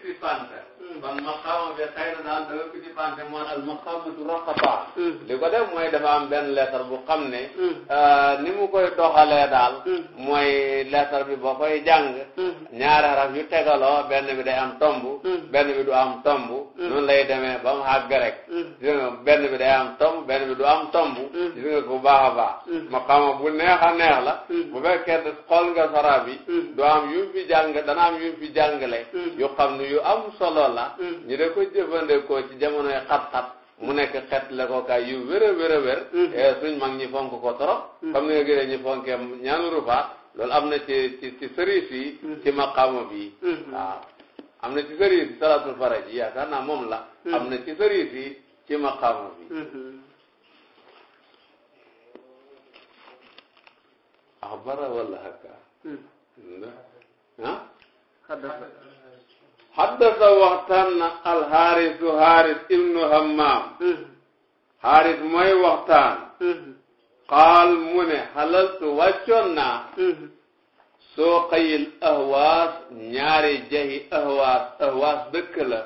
ci panta ban maqaama bi xëy na daal da nga ko ci bante mooy al maqaamatu raqaba hmm. li ko def mooy dafa am benn leetar bu xam ne hmm. euh, ni mu koy doxalee daal hmm. mooy leetar bi boo koy jàng ñaari yu tegaloo benn bi day am tomb benn bi du am tomb noonu lay demee ba benn bi day am tomb benn bi du am tomb gis nga baax a baax maqaama bu neex a neex la bu fekkee xool nga sara bi du am yu fi jàng dana yu fi jàngale yu xam ne yu am solo la taala mm. ñu de ko jëfandikoo ci jamonoy xat-xat mu nekk xet la ko kaay yu wér a wér a wér mm. eh, suñ mag ñi fonk ko torop mm. comme ni nga gënee ñu fonkee ñaanu rufaa loolu am na ci ci ci sëriif yi ci maqaama bi am na ci sëriif yi salaatul yi yaakaar naa moom la am na ci sëriif yi ci maqaama bi mm-hmm. axbara wala hakka ah haddasa waxtaan na alxaarisu xaaris ibnu hammaam xaaris mooy waxtaan qaal mu ne xalaltu wàccoon naa soo qayil ahwaas ñaari jahi ahwaas ahwaas dëkk la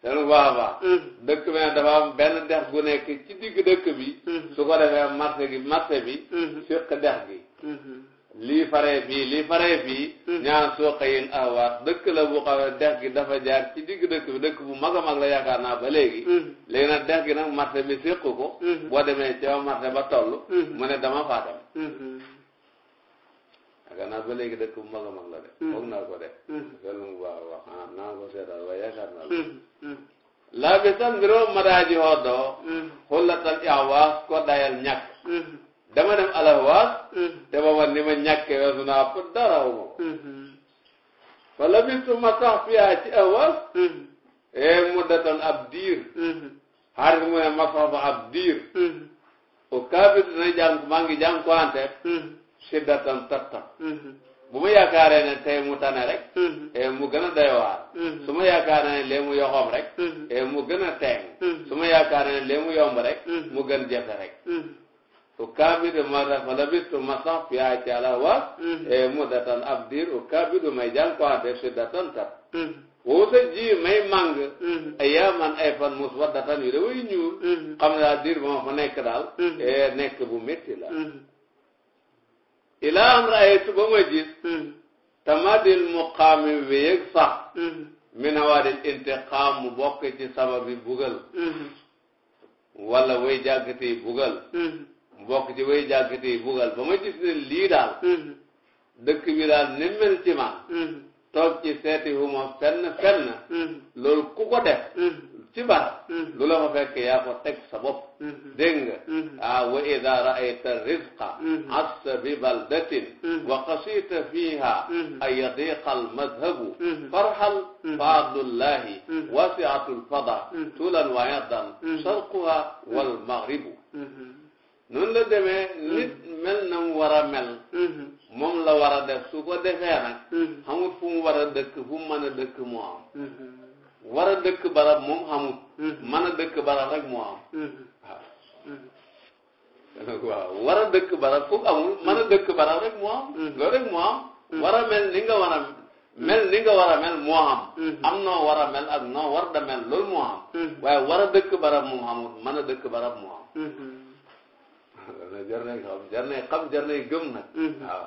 seen faaba dëkk bi nag dafa benn dex gu nekk ci digg dëkk bi su ko defee marché gi marché bi fiq dex gi lii faree fii lii faree fii hmm. ñaan soo xëyin ahwaas dëkk la bu xawee dex gi dafa jaar ci digg dëkk bi dëkk bu mag a mag la yaakaar naa ba léegi hmm. léegi nag dex gi nag ma bi séq ko hmm. boo demee ca marché ba toll mu ne dama faa dem yaakaar naa ba léegi dëkk bu mag a mag la de foog naa ko de selu mu baax wax ah naa ko seetal la laa bi san ko dayal ñàkk dama dem alahwaas mm-hmm. te booba ni ma ñàkkee weesu naa ko dara wu ma mm-hmm. fa ma sax fiyaa ci ahwaas mm-hmm. ee eh, muddatan ab diir xaaris mu ne ma sax fa ab diir o kaabit dina jàng maa ngi jàng ko ante shiddatan tattan bu ma yaakaaree tey mu tane rek e mu gën a doy waar su ma yaakaaree lee mu yoxoom rek e mu gën a teeng su ma yaakaaree ne lee mu yomb rek mu gën jafe rek ukaabidu mada falabistu ma sax fiyaa ci ala waas mm-hmm. e eh, mudatan ab diir ukaabidu may jànkuwante siddatan tar wowuta mm-hmm. ji may màng mm-hmm. ay yaaman ay fan yu daway ñuul xam ne daal diir moom fa nekk daal e nekk bu métti la ilaa am raaytu ba ma gis tamadil muqaami wéyeg sax min hawaadil intiqaam mu bokk ci sababi bugal wala way jàggati bugal mu bokk ci way jàggate yi bugal ba ma gis ne lii daal mm-hmm. dëkk bi daal ni mel ci ma mm-hmm. toog ci seeti huma fenn fenn mm-hmm. loolu ku ko def ci bara lu la fa fekk yaa ko teg sa bopp dégg nga ah wa ida raayta rizqa assa bi baldatin farhal fa abdullahi wasiatu lfada tulan wa yadan sharquha walmaghribu noonu la demee nit mel na mu war a mel moom la war a def su ko defee nag xamut war a dëkk fu mu mën a dëkk moo am a dëkk barab moom xamut mën a dëkk barab rek moo am war a dëkk barab foofu amul mën a dëkk barab rek war a mel ni nga war a mel ni nga war a mel am noo war a mel ak noo war da mel loolu moo am a dëkk barab moom xamut mën a dëkk barab moo loolu jar nañ xam jar nañ xam jar nañ gëm nag. Mhm. waaw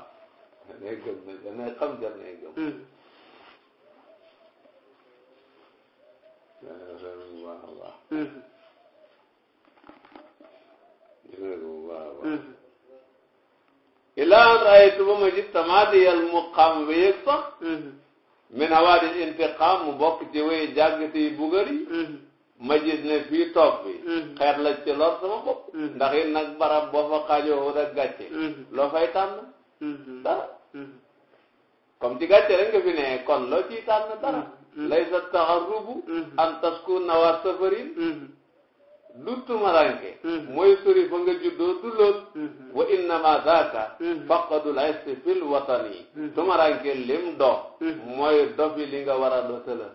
jar nañ gëm nag jar nañ xam jar nañ gëm. Mhm. Mhm. ilaa raaytu ba ma gis tamaadi al muqaam ba yëg sax. min hawaadis intiqaam mu bokk ci way jàggati bugari. ma ne fii toog bi mm-hmm. xeet la ci lor sama bopp mm-hmm. ndax it nag barab boo fa xaajoo ak gàcce mm-hmm. loo fay tànn dara ci gàcce rek nga fi ne kon loo ciy tànn dara lay sa taxarrubu an tasku nawaa safarin du tumaranke mooy sori fa nga juddoo du lool wa innama zaaka faqadul aysi fil watani tumaranke lim do mooy dofi li nga war a dootala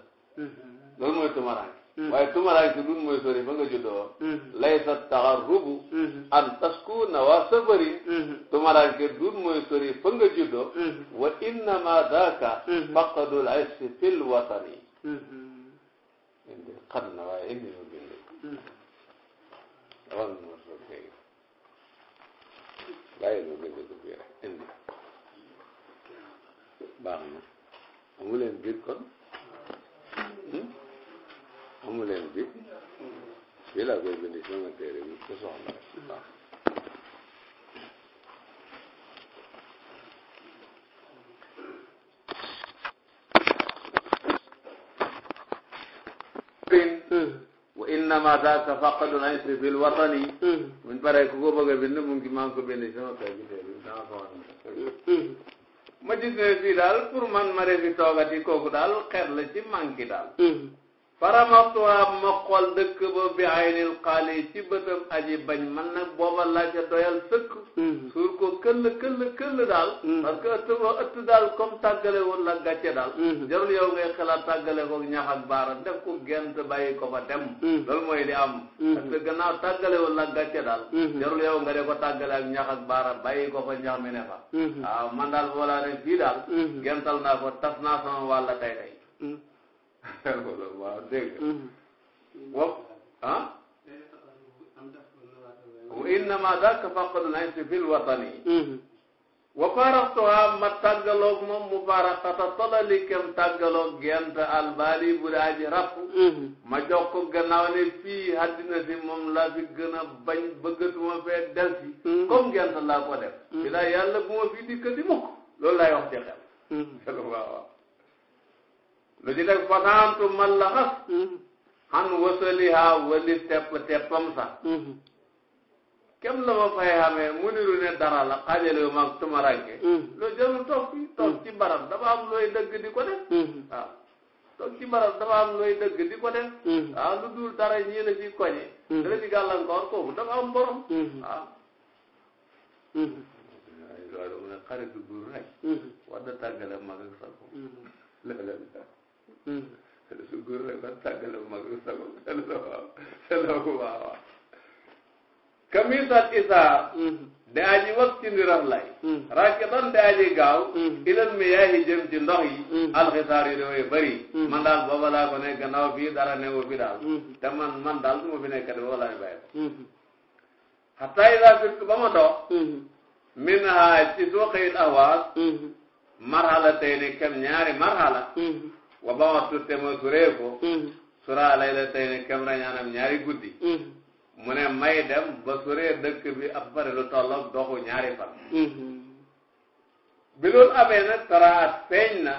loolu mooy tumaranke Mm-hmm. waaye tumaraanke dun mooy sori fa nga juddoo mm-hmm. laysa taxarrubu mm-hmm. an taskuna waa safari tumaraanke dun mooy sori fa nga juddoo wa innama daaka faqadul issi fil watani indi xat na waaye indi ma bindi wan ma sokay bàyyi ma bindi ko bii rek baax na amu leen kon amu leen bi fii laa koy bind sama téere bi ko soxla waaw innama watani buñ paree ku ko bëgg a mu ngi maa ngi ko bind sama kay bi tey sama kawan ma gis ne fii daal pour man ma refi toogati kooku daal xeet la ci manqué daal faramatuha ma xool dëkk ba bi aynil xaali ci bëtam aji bañ man nag booba laa ca doyal sëkk mhm. suur ko këll këll këll daal mhm. parce ëtt ëtt daal comme tàggale woon la gàcce daal mhm. jarul yow ngay xalaat tàggale ko ñax ak baara ko gent dem loolu di am parce que woon la gàcce daal jarul yow nga de ko tàggale ak ñax ak baara bàyyi ko fa ñax mi ne fa waaw man daal boolaa ne daal gental naa ko tas naa sama wàlla tey tey waaw dégg nga mm-hmm. oh, ah wa innama daka faqdun haysu fil watani mm-hmm. wa faraxtuha ma tàggaloog moom mu faraxata tolali kem gent albali bu daa ji mm-hmm. ma jox ko ne fii àddina si moom laa gën a bañ bëggatuma fee del si comme gent laa ko def bi laa yàlla bu ma fii dikkati mukk loolu laay wax lu ci teg fasaantu man la xas mm-hmm. xan wasaliha wali tepp teppam sax mm-hmm. kem la ma fay xamee mu ni lu ne dara la xaajale maag tumaranke loolu mm-hmm. jarul toog fi toog ci barab dafa am looy dëgg di ko def waaw toog ci barab dafa am looy dëgg di ko def waaw lu dul dara ñii la ci koñe dara ci gàllankoor kooku dafa am borom waaw loolu mu ne xaritu góor rek war na tàggale mag ak sa ko Hmm. su góor nag ba tàggale mag sago sago ko waawa kamisat isaar de hmm. aji wax ci ndiram lay hmm. rakidan de aji gaaw ilal miyaahi jëm ci ndox yi alxisaar yi dafay bëri man daal booba laa ko ne gannaaw fii daal te man man daal su ma fi nekkati booba laa bàyyi ko ba ma min ha ci soo xëyit awaas marhala tey ni kem ñaari wa ba waxtu te ma suree ko. sura layla tey ne kem rañaanam ñaari guddi. mu ne may dem ba suree dëkk bi ab pare lu tolloog doxu ñaari fan. bi loolu amee nag taraat feeñ na.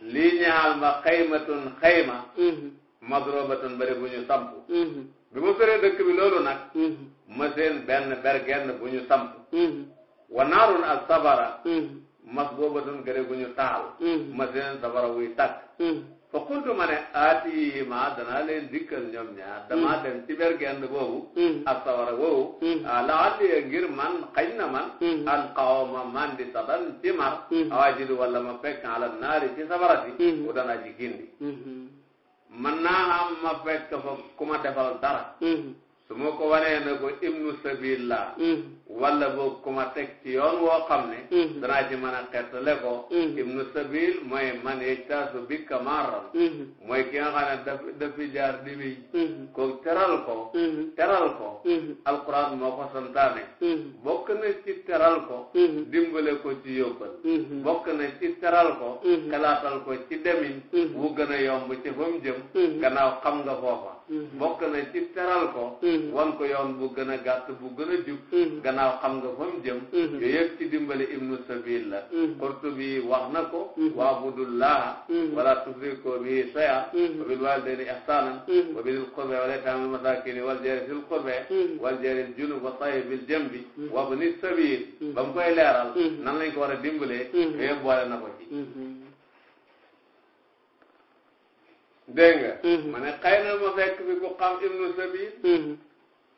lii ñaal ma xaymatun xayma. madrobatun bari bu ñu samp. bi ma suree dëkk bi loolu nag. ma seen benn bergenn bu ñu samp. wa naarun ak sabara. mas booba doon gëre bu taal mm-hmm. masin safara wuy tàkk mm-hmm. fa xultu ma ne aati yi ma danaa leen ñoom ñaar mm-hmm. damaa ci bergend boobu ak safara woowu ah, laali ngir man xañ man al qawma man di sadan ci mar awajidu wala ma fekk ala naari ci safara si ku danaa ji man naa am ma fekk ku ma defal dara su ko wanee na ko ibnu sabil la mm. wala boog ku teg ci yoon woo xam ne mm. danaa ci mën a xettale mm. ibnu sabil mooy man yejtaasu bi kamaram mooy ki nga xam ne daf dafi jaar di ko teral ko teral ko alquran moo ko santaane bokk na ci teral ko dimbale ko ci yóbbal bokk na ci teral ko kalaatal ko ci demin wu a yomb ci fa mu jëm gannaaw xam nga foofa Mm-hmm. bokk na ci teral ko mm-hmm. wan ko yoon bu gën a gàtt bu gën a jub mm-hmm. gannaaw xam nga fa mu jëm yooyu yëpp ci dimbali ibnu sabil la Qurtubi wax na ko waabudullaha wala tusriku bihi shay'an wa bil walidayni ihsanan wa masakini wal jari fil qurbi wal junub wa sahibi bil jambi wa ibni sabil ba mu koy leeral nan lañ ko war a dimbalee yooyu boole na ko ci dégg nga. Mm-hmm. ma ne xëy na ma fekk fi ku xam ibnu sabil.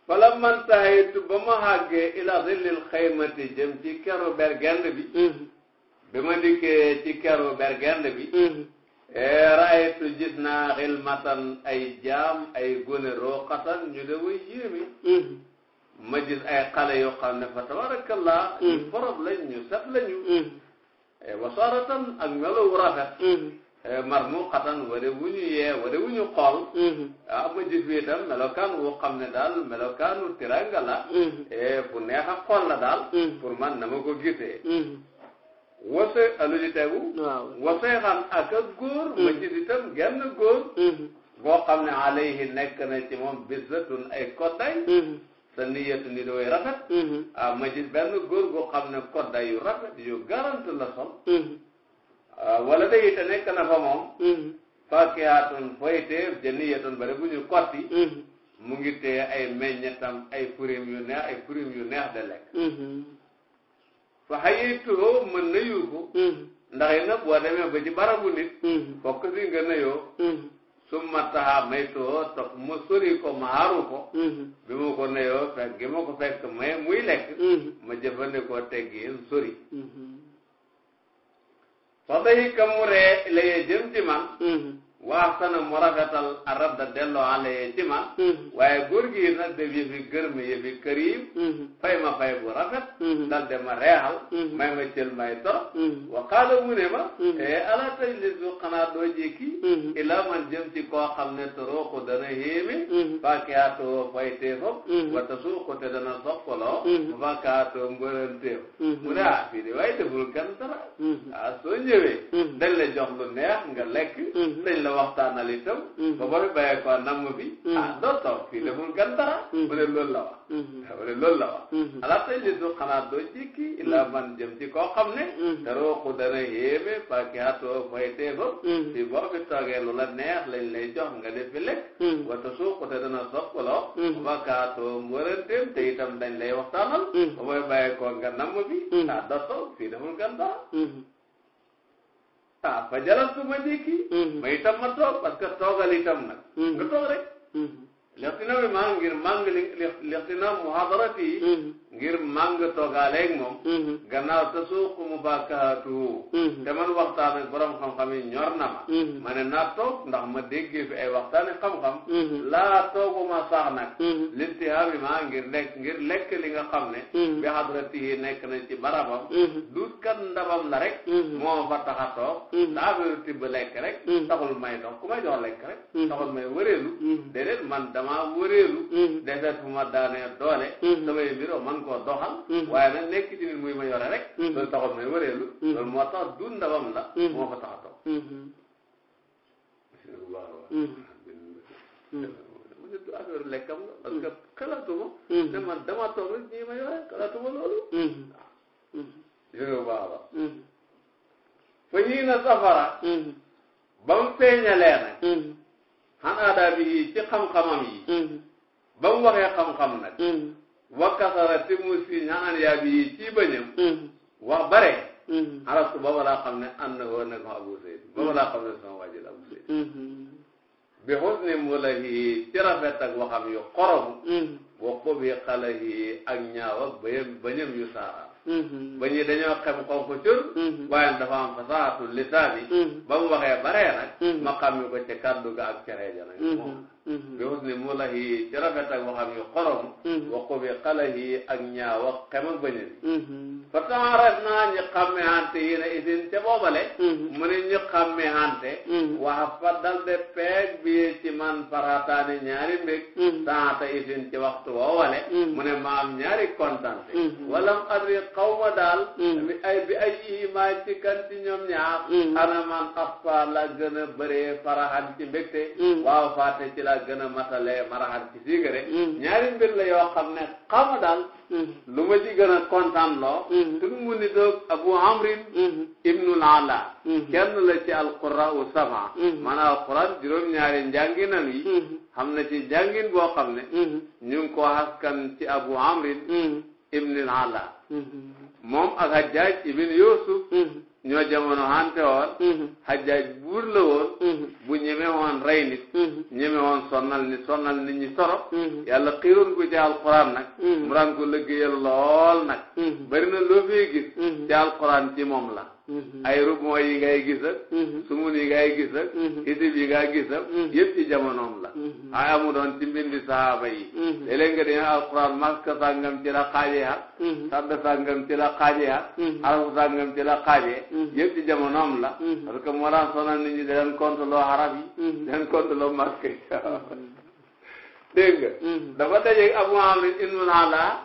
fala mm-hmm. man ba ma xàggee ila zillil xaymati jëm ci keru bergende bi. Mm-hmm. bi ma dikkee ci keru bergende bi. E, raaytu gis naa xilmatan ay jaam ay gone rooqatan ñu de way yéeme. ma gis ay xale yoo xam ne fa tabarakallah. ñu forob lañ ñu set lañu. E, wasaaratan ak melo wu mar mu xatan wala wu ñu yee wala wu ñu xool. Mm-hmm. ah ma gis bii tam melokaan woo xam ne daal melokaanu tiranga la. Mm-hmm. E, bu neex a xool la daal. Mm-hmm. pour man na ma ko gisee. wase alu ji tegu. waaw wasee xam ak a góor. ma gis itam genn góor. boo xam ne alayhi nekk na ci moom bisatun ay kodday. sa niyatu ni dooy rafet. ah ma gis benn góor boo xam ne kodday yu rafet yu garant la sol. wala day it a nekk na fa moom. Mm-hmm. fakihatun fooy teef janiyatun bare bu ñu kotti. Mm-hmm. mu ngi ay meññetam ay furim yu neex ay furim yu neex de lekk. Mm-hmm. fa xayituhoo mën na yu ko. ndax it nag boo demee ba ci barabu nit. fokk si nga nayoo. summa taxa maytuhoo topp ma sori ko ma aaru ko. bi ma ko nayoo fekk gi ma ko fekk may muy lekk. ma jëfandikoo teggiin sori. fa dahi ka mu ree la jëm ci man mm-hmm. waxtana mu rafetal arab da delloo àlla yee ci mm-hmm. waaye góor gi nag def yëfi gërëm yëfi mm-hmm. fay ma fay bu rafet mm-hmm. dal ma reexal may ma cël may toro wa qaala mu ne ma e eh, ala tajlisu xanaa doo jékki ilaa man jëm ci koo xam ne torooku dana héeme fakiatoo fay teefam wata suuku te dana soppaloo fakiatoo mbëran teef mu ne ah fii de waaye deful kan dara ah soo ñëwee dañ la jox lu neex nga lekk dañ la waxtaanal itam. Mm-hmm. ba pare bàyyi ko namm bi. Mm-hmm. ah doo toog fii deful gan dara. Mm-hmm. mu ne loolu la wax. Ah, mu ne loolu la wax. ala tey li du xanaa doo jikki ila man jëm ci koo xam ne. te rooku dana yéeme pàcc atoo fay teefam. si boo fi toogee lu la neex lañ lay jox nga def fi lekk. wata suuku te dana soppaloo. ko nga namm bi. ah doo toog fii ah fa jalastu ma jékki. ma itam ma toog parce que toogal itam nag. nga toog rek. lextinam bi maa ngir maa ngi li li lextinam muhadarati ngir màng toogaaleeg moom mm-hmm. gannaaw te suuq mu bakaatu mm-hmm. te man waxtaan ak borom xam-xam yi ñor na ma mm-hmm. ma ne naa toog ndax ma déggee fi ay waxtaani xam-xam laa tooguma sax nag littihaami maa ngir lekk ngir lekk li nga xam ne bi hadratihi nekk na ci barabam duut kat ndabam la rek moo fa tax a toog daa feru tibb lekk rek taxul may dox ku may jox lekk rek taxul may wëreelu déedéet man damaa wëreelu defet fu ma daanee doole samay mbiroo man mën koo doxal mm-hmm. waaye nag nekk ci nit ma yore rek mm-hmm. loolu taxul may wëreelu mm-hmm. loolu moo tax dundabam la moo ko tax a toog du affaire lekkam la parce que xalaatuma ne man dama toog rek ñii ma yore xalaatuma loolu waaw jërë bu baax la fa ñii na safara ba mu feeñalee nag xan bi yi ci xam-xamam yi ba mu waxee xam-xam nag wakkasara te mu si ñaan yaa bi ci bañam wax bare arastu booba laa xam ne ànd na ko ne ko Abu Zayd booba laa xam ne sama waajil Abu Zayd bi xusni mulahi ci rafet ak waxam yu xorom wa xubi xalahi ak ñaaw ak bayam bañam yu saara ba ñi dañoo xem xonk cur waaye dafa am fasaatu lisaani ba mu waxee bare nag ma xam ñu ko ci kàddu ga ak cereeja nag moom bi mm-hmm. mu ne mu lahi ci rafet ak waxam yu xorom mm-hmm. wa qubi qalahi ak ak xem ak bañal fa tamarat naa ñi xamme hante yi na isin ca boobale mm-hmm. mu ne ñi xamme hante waa fa dal de peeg bi ci man farataani ñaari mbég taata isin ci waxtu woowale mu ne maam ñaari kontante walam adri xaw daal bi ay maa ci kan ci ñoom ñaar ana man axfa la gën a bëree farahan ci mbégte waaw faate ci la laa gën a matalee maraxal ci siigare mm. ñaari mbir la yoo xam ne xama daal mm. lu ma ci gën a kontaan loo mm. tun mu ni doog abu amrin ibnul ala kenn la ci alqura u sama maanaam alquran juróom-ñaari njànginam yi xam na ci njàngin boo xam ne ñu ko haskan ci abu amrin ibnul ala moom ak hajjaj ibn yusuf ñoo jamono hante woon xajaaj mm-hmm. buur la woon mm-hmm. bu ñeme woon rey nit mm-hmm. ñeme woon sonnal nit sonnal nit ñi toro yàlla ko ci alquran nag mu daan ko liggéeyal lool nag bari na loo fee gis ci alquran moom la Mm-hmm. ay rubon yi ngay gis ak mm-hmm. sumun yi ngay gis ak hisib mm-hmm. yi ngay gis ak yëpp ci jamonoom la ay amu doon ci mbindi sahaaba yi léeg-léeg nga dañu alquran maska sàngam ci la xaaje ha sadda sàngam ci la xaaje ha arafu sàngam ci la xaaje yëpp ci jamonoom la parce que moo daan sonal nit ñi da loo xaraf yi da leen compte loo maska yi dégg nga dafa dajeeg abu amrin ibnul ala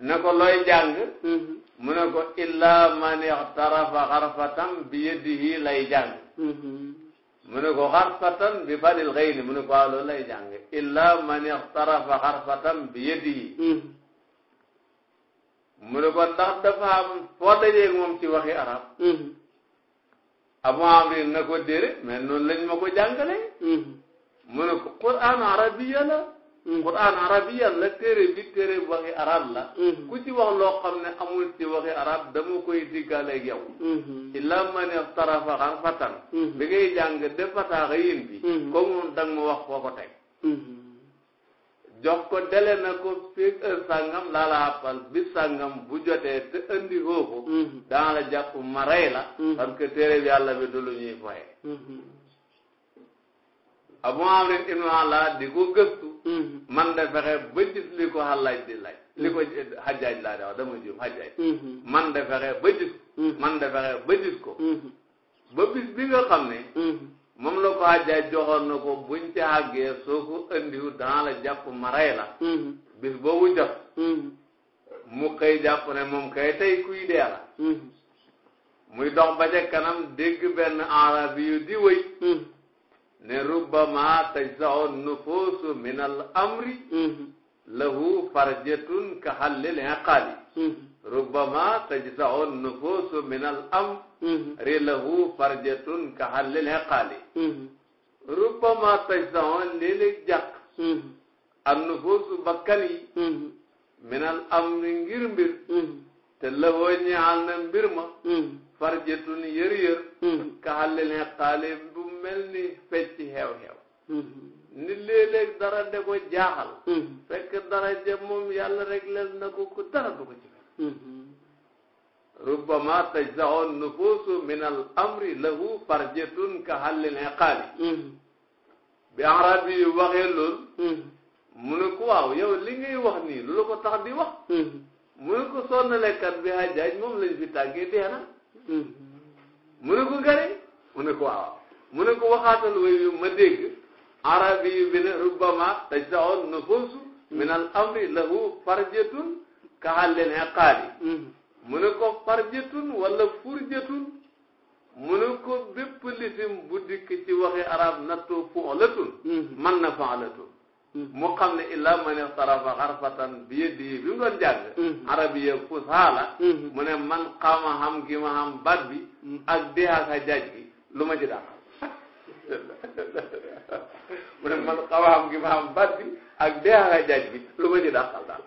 ne mu ne ko illa man ixtarafa xarfatan bi yadihi lay jàng mm-hmm. mu ne ko xarfatan bi fadil xëyni mu ne ko waaw loolu lay jàng illa man ixtarafa xarfatan bi yadihi mu mm-hmm. ne ko ndax dafa am foo dajee moom arab mm-hmm. abu amri na ko déere mais noonu lañ ma ko jàngale mu ne ko quran arabiya la Mm-hmm. Qur'an arabiyan la téere bi téere waxi arab la mm-hmm. ku ci wax loo xam ne amul ci waxi arab dama koy diggaaleeg yow mm-hmm. illa man iftarafa xarfatan bi ngay jàng defataaxa yin bi comme moom danga ma wax foo teg jox ko dele na ko fii heure sàngam laa la àppal bi sàngam bu jotee te andi foofu dana la jàpp ma rey la parce que téere yàlla bi du lu ñuy foye abu amrin ibnu ala di ko gëstu mm-hmm. man de fexe ba gis li ko xalaaj di li ko eh, xajaaj laa de wax dama jum mm-hmm. man de fexe ba gis mm-hmm. man de fexe ba gis ko ba bis bi nga xam ne moom la ko xajaaj joxoon na ko buñ ci àggee soo ko andiwu la jàpp ma rey la bis boobu jot mu xëy jàpp ne moom kay tey kuy la muy dox ba ca kanam dégg benn arabi yu di wëy ne mm-hmm. mm-hmm. rubbama tajzau nufuusu min al amri mm-hmm. lahu farjatun ka hallil inqaali rubbama tajzau nufuusu min al amri lahu farjatun ka hallil inqaali rubbama tajzau léeg-léeg jàq an nufuusu bakkan yi min al amri ngir mbir te lahoo ñaal na mbir ma farjatun yër-yër ka hallil inqaali mel ni fecc xew-xew mm-hmm. ni léeg-léeg dara de ko jaaxal mm-hmm. fekk dara ja yàlla rek lel na ko ko dara du ko ci mel mm-hmm. rubbama tajzau nufuusu min al amri lahu farjatun ka hallil iqaali bi arab yi waxee loolu mu ko waaw yow li ngay wax nii lu la ko tax di wax mu ne ko sonnalekat bi hajjaaj moom lañ fi tàggee dee na mu ko gari mu ko waaw mu ne ko waxaatal wéyu ma dégg arabi yu bi ne rubbama tajtao nufuusu al amri lahu farjatun kahallin heqaali mm-hmm. mu ne ko farjatun wala furjatun mu ne ko bépp lisim bu dikk ci waxi arab natto foolatun mm-hmm. man na foolatun mm-hmm. mu xam ne illa man ixtarafa xarfatan bi yeddi bi mu doon jàng arabiya fusaa la mu ne man xama xam gi ma xam bat bi ak dee ak a jaaj gi lu ma ci mu ne man xam-xam ma am ak dee ak jaaj bi lu ma ci dàqal daal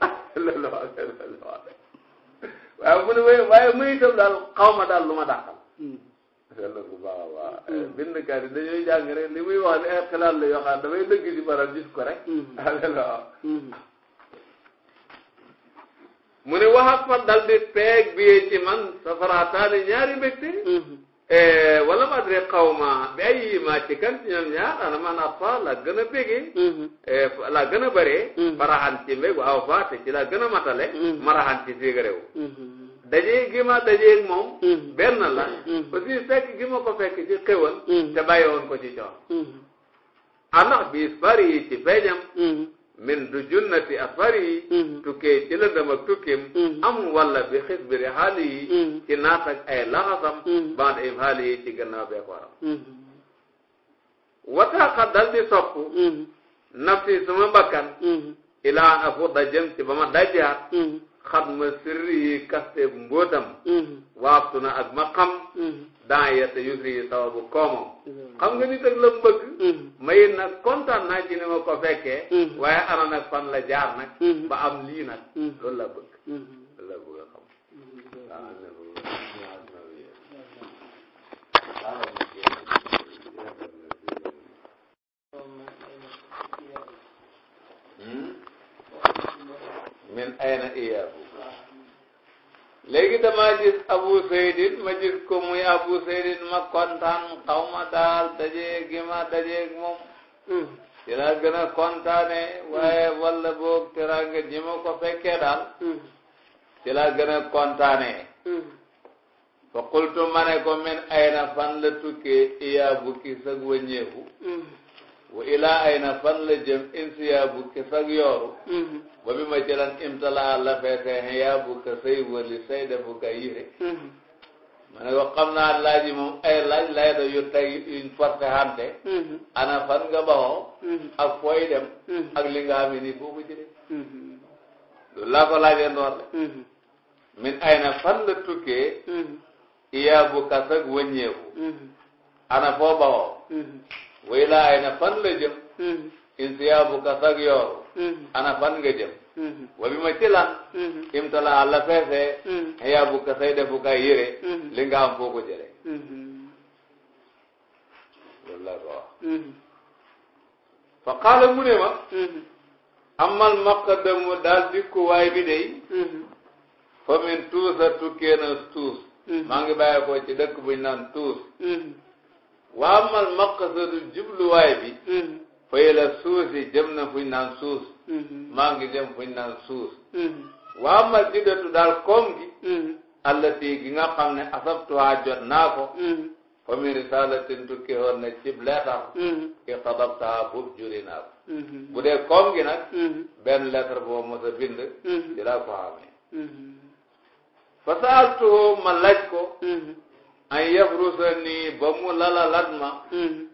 loolu waaye mu ne waaye waaye muy itam daal ma daal lu ma dàqal. loolu bu baax a baax. bindkat yi li muy wax ne ay xalaat la yoo xam damay dëgg ci baral ko rek. loolu la wax. mu ne waxaat fa dal di peeg bi ci man safaraataani ñaari mbégte. Hmm. Eh, wala ma adré xaw fii maa ci kan ci ñoom ñaar ana man appa la gën a bégee mm-hmm. eh, la gën a bëree mm-hmm. ci mbégu aw faate ci la gën a matale mm-hmm. maraxan ci siigaréw dajee gi ma dajeeg moom benn la aussi fekk gi ma ko fekk ci xéwal te bàyyi woon ko ci coon anax bi fari ci feeñam min du junnati afari yi tukkee ci la dem tukkim am walla bi xisbiri xaali ci naat ak ay laxasam band im xaali yi ci gannaaw beekooram wataaxa dal di sopp mm-hmm. nafsi sama bakkan mm-hmm. ilaa afuda jëm ci ba ma dajaat mm-hmm. xat ma sirri kaste bu mbóotam waabtu na ak ma xam daan yette yusri yi sababu koomam xam nga nit ak la mu bëgg may nag kontaan naa ci ne ko fekkee waaye ana nag fan la jaar nag ba am lii nag loolu la bëgg min ayna iyaabu léegi dama gis abu saydin ma gis ko muy abu saydin ma kontaan xaw ma daal dajee gi ma dajee moom ci laa gën a kontaane waaye walla boog teraanga ji ma ko fekkee daal ci laa gën a kontaane fa ma ne ko min ayna fan la tukkee iyaabu ki sag wëññeeku wa ilaa ayna fan la jëm insiyaabu kisag yooru ba mm-hmm. ma jëlan imtala la feete xiyaabu ka say wëli say defu ka yire mm-hmm. ma ko xam naa laaj moom ay laaj lay da yu teg yuñ forcé xante mm-hmm. ana fan nga baxoo ak fooy ak li nga xam ne nii foo ko jëlee loolu min ayna fan la tukkee iyaabu kasag wëññeeku ana foo baxoo way laa ay na fan la jëm mm-hmm. insiyaabu ka sag yooru mm-hmm. ana fan nga jëm mm-hmm. wa bi ma ci lan imtala la feesee xiyaabu ka say defu kay yére li nga am foo ko jële loolu la ko wax fa qaala mu ne ma amal maqdamu daal dikkuwaay bi day fa min tuusa tukkee na tuus maa ngi ko ci dëkk buñ naan tuus wa amal maqsadu jubluwaay bi mm-hmm. fay la suusi jëm na fuñ naan suus mm-hmm. maa ngi jëm fuñ naan suus mm-hmm. wa amal jidatu daal koom gi allati gi nga xam ne asabtuha jot naa ko fa mi risalatin tukki woon na cib leetar ki xadabtaha bub juri naa ko bu dee koom gi nag benn leetar boo mos a bind ci laa ko xamee fasaaltuhu ma laaj ko an yabrusa nii ba mu lalalat ma hmm.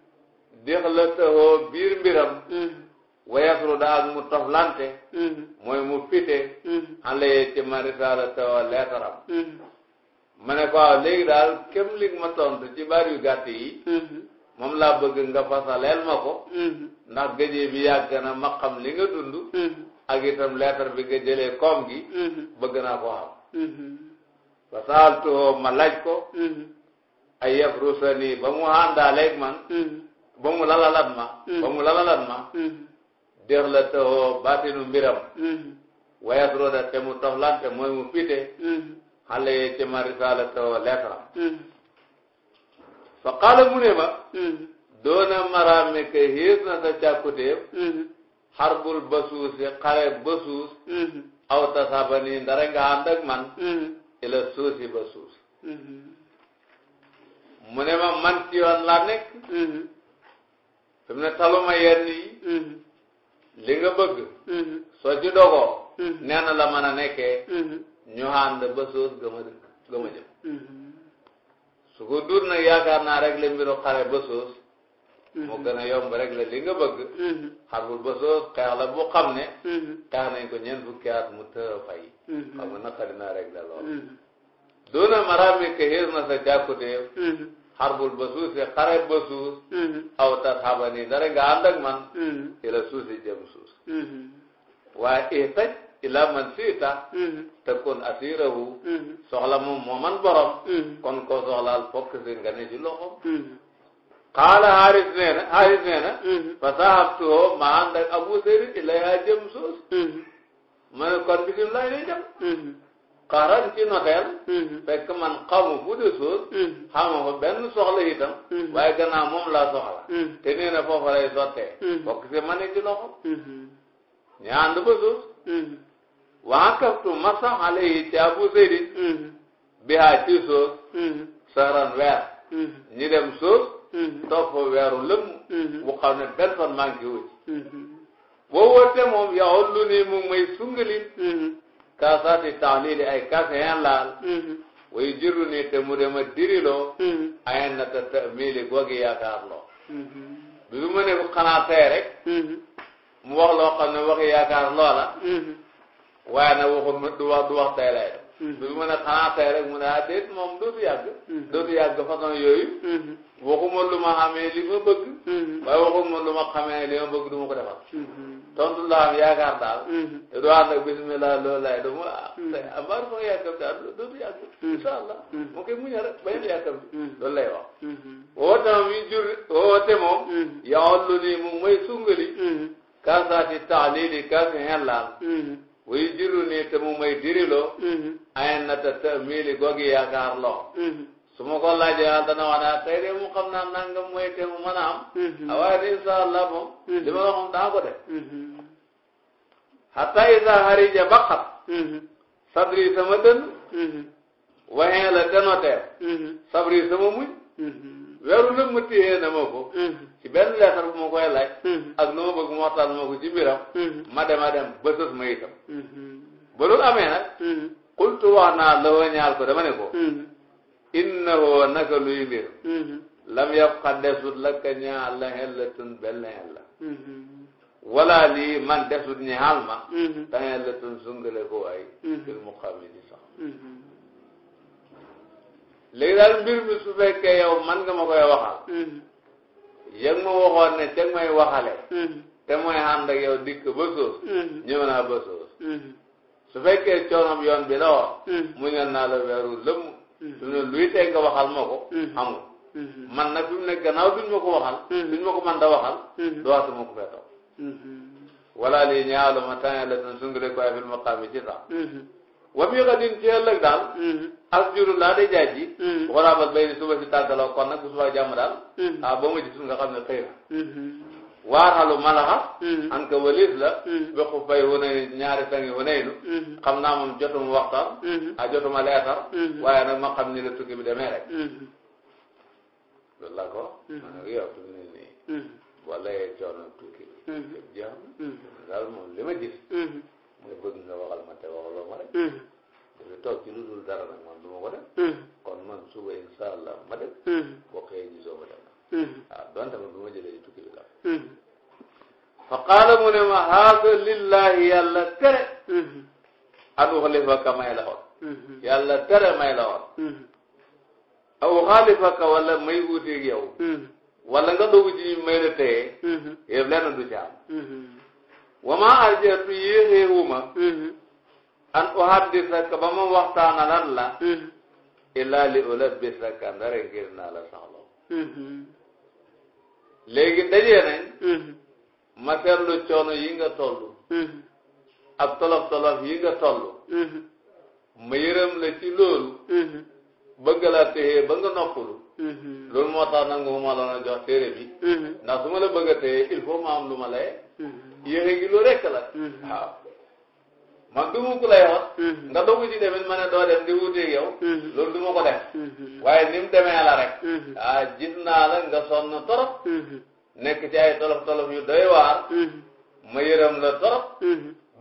dixlatahoo biir mbiram hmm. wayasru da mu toflante hmm. mooy mu fite xale ci man risaala tawoo leetaram ma ne ko waaw léegi daal kem li ma tontu ci baar yu gàtt yi moom laa bëgg nga fasaleel ma ko ndax gëjee bi yàgg na ma xam li nga dund ak itam leetar bi nga jëlee gi bëgg naa ko xam fasaal tuhoo ma laaj ko ay yafrusa nii ba mu àndaaleeg man mm-hmm. ba mu lalalat ma mm-hmm. ba mu lalalat ma mm-hmm. dex la tawoo baatinu mbiram wayas roda te mu toflante mooy mu pite xale ye ci ma risaala tawoo leetaram fa qaala mu ne ma doona maraame ke hiis na sa càkkutéef xarbul basuusi xare basuus aw tasabani ndara nga ànd ak man ila suusi basuus mu ne ma man ci yoon nekk mm-hmm. fi ne taluma ma yi mm-hmm. li nga bëgg mm-hmm. soo ci dogoo la man a nekkee ñu ànd ba soos gëma dëkk gëma jëm su ko dur nag yaakaar naa rek la mbiru xare ba soos moo gën a yomb rek la li nga bëgg ba soos xeex la bu xam ne xeex nañ ko ñeent fukki at mu tëra fay xam nga naqari naa rek la lool doona maraami ka xiir na sa jàkkuteef xarbul ba suuf si xare ba suuf mm-hmm. aw tas xabani dara nga ànd ak man mm-hmm. ila suuf si jëm suuf mm-hmm. waaye ihtaj ila man siita te kon asirahu soxla moom moo man borom kon ko soxlaal fokk si nga ne ci loxom xaala xaaris nee na xaaris nee na fa sahabtuhoo ma ànd ak abu seyri ilay ha jëm suuf ma ne kon bisim lay lay dem xaaral ci noteel. Mm-hmm. fekk man xamu fu de suuf. Mm-hmm. xamu fa benn soxla itam. Mm-hmm. waaye gannaaw moom laa soxla. te nee na foofa lay sottee. bokk si ma ne ci loxo. ñu ànd ba suuf. waa kaftu masa alayhi ci abu seydi. bihaa ci suuf. saran weer. ñi dem suuf. topp weeru lëmm. bu xam ne benn fan maa ngi ci wuti. boo moom yaa ngi mu may sungalin. kaasaati taxlili ay kaas yan laal mm-hmm. way juru ni te mu dema diriloo mm-hmm. ayen na ta tamili googi yaakaar loo mm-hmm. bi mu ne ko xanaa mu wax loo xam ne waxi yaakaar loola waaye na waxu du wax du wax tey lay bi mu ne xanaa mu ne ah déet moom dootu yàgg dootu yàgg façon yooyu waxuma lu ma xamee li ma bëgg waaye waxuma lu ma xamee li ma bëgg du ma ko defal tontu la am yaakaar daal. te mm-hmm. du ànd ak bisimilah loolu laay doon ah. Mm-hmm. tey Amar moo yàkkam daal dootu yàgg. Mm-hmm. incha allah. moo koy muñal rek bañ a yàkkam. loolu lay wax. woo tam mi jur woo te moom. yaa lu ni mu may sungali. kaasaati taalili kaas ngeen laal. wuy juru ni te mu may diriloo. ayen na te te miili googi yaakaar loo. su ma ko laajee ah dana wax ne ah tey de mu xam naa nangam mooy te mu mën a am. Mm-hmm. waaye de incha allah moom. Mm-hmm. li ma la wax moom daa ko def. Mm-hmm. hatta isa harija baqat. sabri sama dën. waxee la denoteer. sabri sama muñ. weeru lëmm ma téye na ma ko. ci benn leetar bu ma koy laaj. ak lu ma bëgg mu waxtaan ma ko ci mbiram. ma dem a dem ba sës ma itam. ba loolu amee nag. qultu wax naa la ñaal ko dama ne ko. innahu naka luy mbir lam yabqa desut lakka ñaal la hellatun benn hella wala lii man desut ñaal ma ta hellatun sungale ko waay fil sax léegi daal mbir mi su fekkee man nga ma koy waxal yëg ma waxoon ne te mooy ànd dikk ba soos ñëw naa ba soos su fekkee coonom bi la wax muñal naa la weeru lëmm su mm-hmm. ne luy teg nga waxal ma ko mm-hmm. amul mm-hmm. man nag fi mu ne gannaaw duñ ma ko waxal duñ ma ko man da waxal dowaatu ma ko fee toog wala lii ñaaluma tànge la tan sungure ko ay fil maqaami ci sax wa fii xadin ci ëllëg daal asjuru laa day jaaj ji xoraabat bay ni suba si tàggaloo kon nag bu subaa daal ah ba ma gisul nga xam ne na waaralu malaxa hmm. an ka waliif la hmm. bi xuffay hunayni ñaari sangi hunaynu hmm. xam naa moom jotum waxtaan a jotuma leetar waaye nag ma xam ni la tukki bi demee rek la ko ma ne ko yow tum ne nii wala coono tukki bi yëpp jeex na daal moom li ma gis mooy bëgg nga waxal ma te waxaloo ma rek dafa toog ci lu dul dara nag man du ma kon man suba insha allah ma def boo xëyee gisoo ma def waaw ah, donte man bu ma jëlee ci tukki mm-hmm. Mm-hmm. mu ne ma haada lillahi yàlla tere. Mm-hmm. an uxlifaka may la woon. tere may la woon. aw uxaalifaka may wuuteeg yow. wala nga dogu ci ñu may la téye. yëpp lenn du ci am. wa maa arjatu yéexeewuma. an uhaddisaka ba ma waxtaana lan la. illaa li ulabbisaka ndare ngir naa léegi dajee nañ mm-hmm. ma seetlu coono yi nga toll mm-hmm. ak tolof tolof yi nga toll mm-hmm. ma yërëm la ci loolu bëgg laa téye ba nga noppalu loolu moo tax nangu ma doon a jox téere bi ndax su ma la bëgg a téye il faut ma lu ma lay yéexe gi lu rekk la waaw man du mu mm-hmm. nga dogu ci demit ma ne doo dem di wuuteeg yow mm-hmm. loolu du ko def mm-hmm. waaye ni mu demee la rek ah gis naa la nga sonn torop nekk ci ay tolof yu doy waar ma yërëm la torop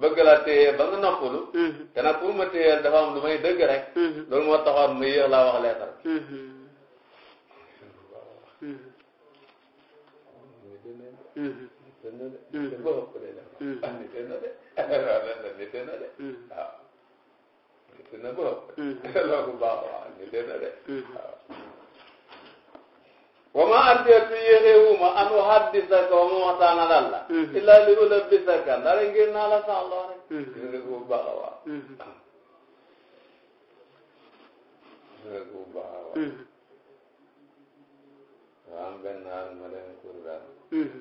bëgg la téye ba nga noppalu te nag pour ma téyeel dafa am lu may dëgg rek loolu moo taxoon ma yéex laa wax leetar bi loolu la nite na de waaw nite na boobu loolu baax waaw nite na de waaw wama ardiatu yéexewuma an uhaddisaka wa ma waxtaan mm. ak Allah illaa li ulabbisaka dara ngir naa la sàlloo rek gis nga ko bu baax a waaw gis nga ko bu baax a waaw waa am benn naan ma leen kurbaan mm.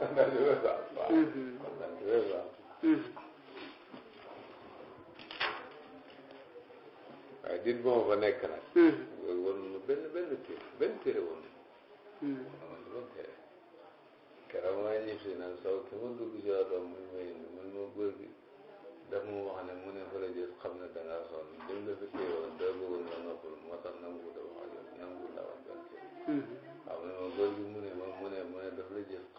waaye dit bu ma fa nekk nag. loolu woon na benn benn téere benn téere woon na. waaw loolu téere keroog maa ngi si naan saw ki ma dugg si waat mu may man ma góor gi daf mu wax mu ne fa la jël xam ne da ngaa sonn jëm la fi téye woon doo bëggoon nga noppal moo tax nangu da wax nangu la wax benn téere. Mm-hmm. waaw man ma góor gi mu ne ma mu ne ma.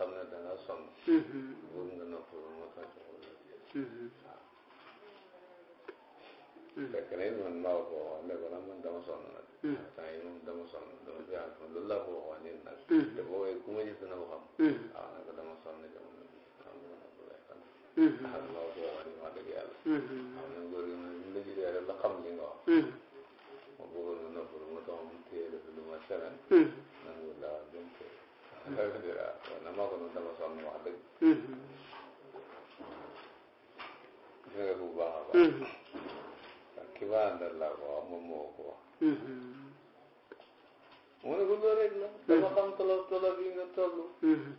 xam ne da nga sonn. bëgg nga noppalu moo tax joxul la waaw. fekk na it man maa ko waxoon ne ko nag man dama sonn nag. temps yi moom dama sonn dama fi ànd fa loolu laa ko waxoon it nag. te boo wéy ku ma gis dina ko xam. waaw nag dama sonn jamono bi xam nga nag bu lay xam. waaw maa ko waxoon it wax dëgg yàlla. xam nga góor gi man la gisee rek la xam li nga wax. ma bëggoon na noppalu moo tax mu téye lu ma seren. moo ko wax mu ne la dama xam tolof tolof yi nga toll mm-hmm.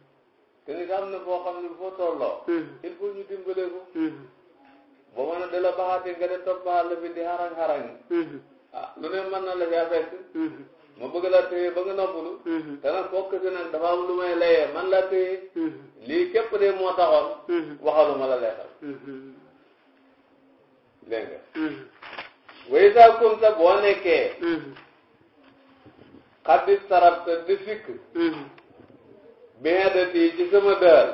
te am na foo xam ne foo tolloo mm-hmm. il faut ñu dimbale ko mm-hmm. ba mën a de la baxaati nga de topp la fi di xarang xarang ah lu ne mën na la fi fekk ma bëgg laa téye ba nga noppalu te nag fokk si nag dafa am lu may layee man laa téye lii képp de moo taxoon waxaluma la leexal dégg way saa kunta boo nekkee xaddi sarabta di sikk biedati ci sama daal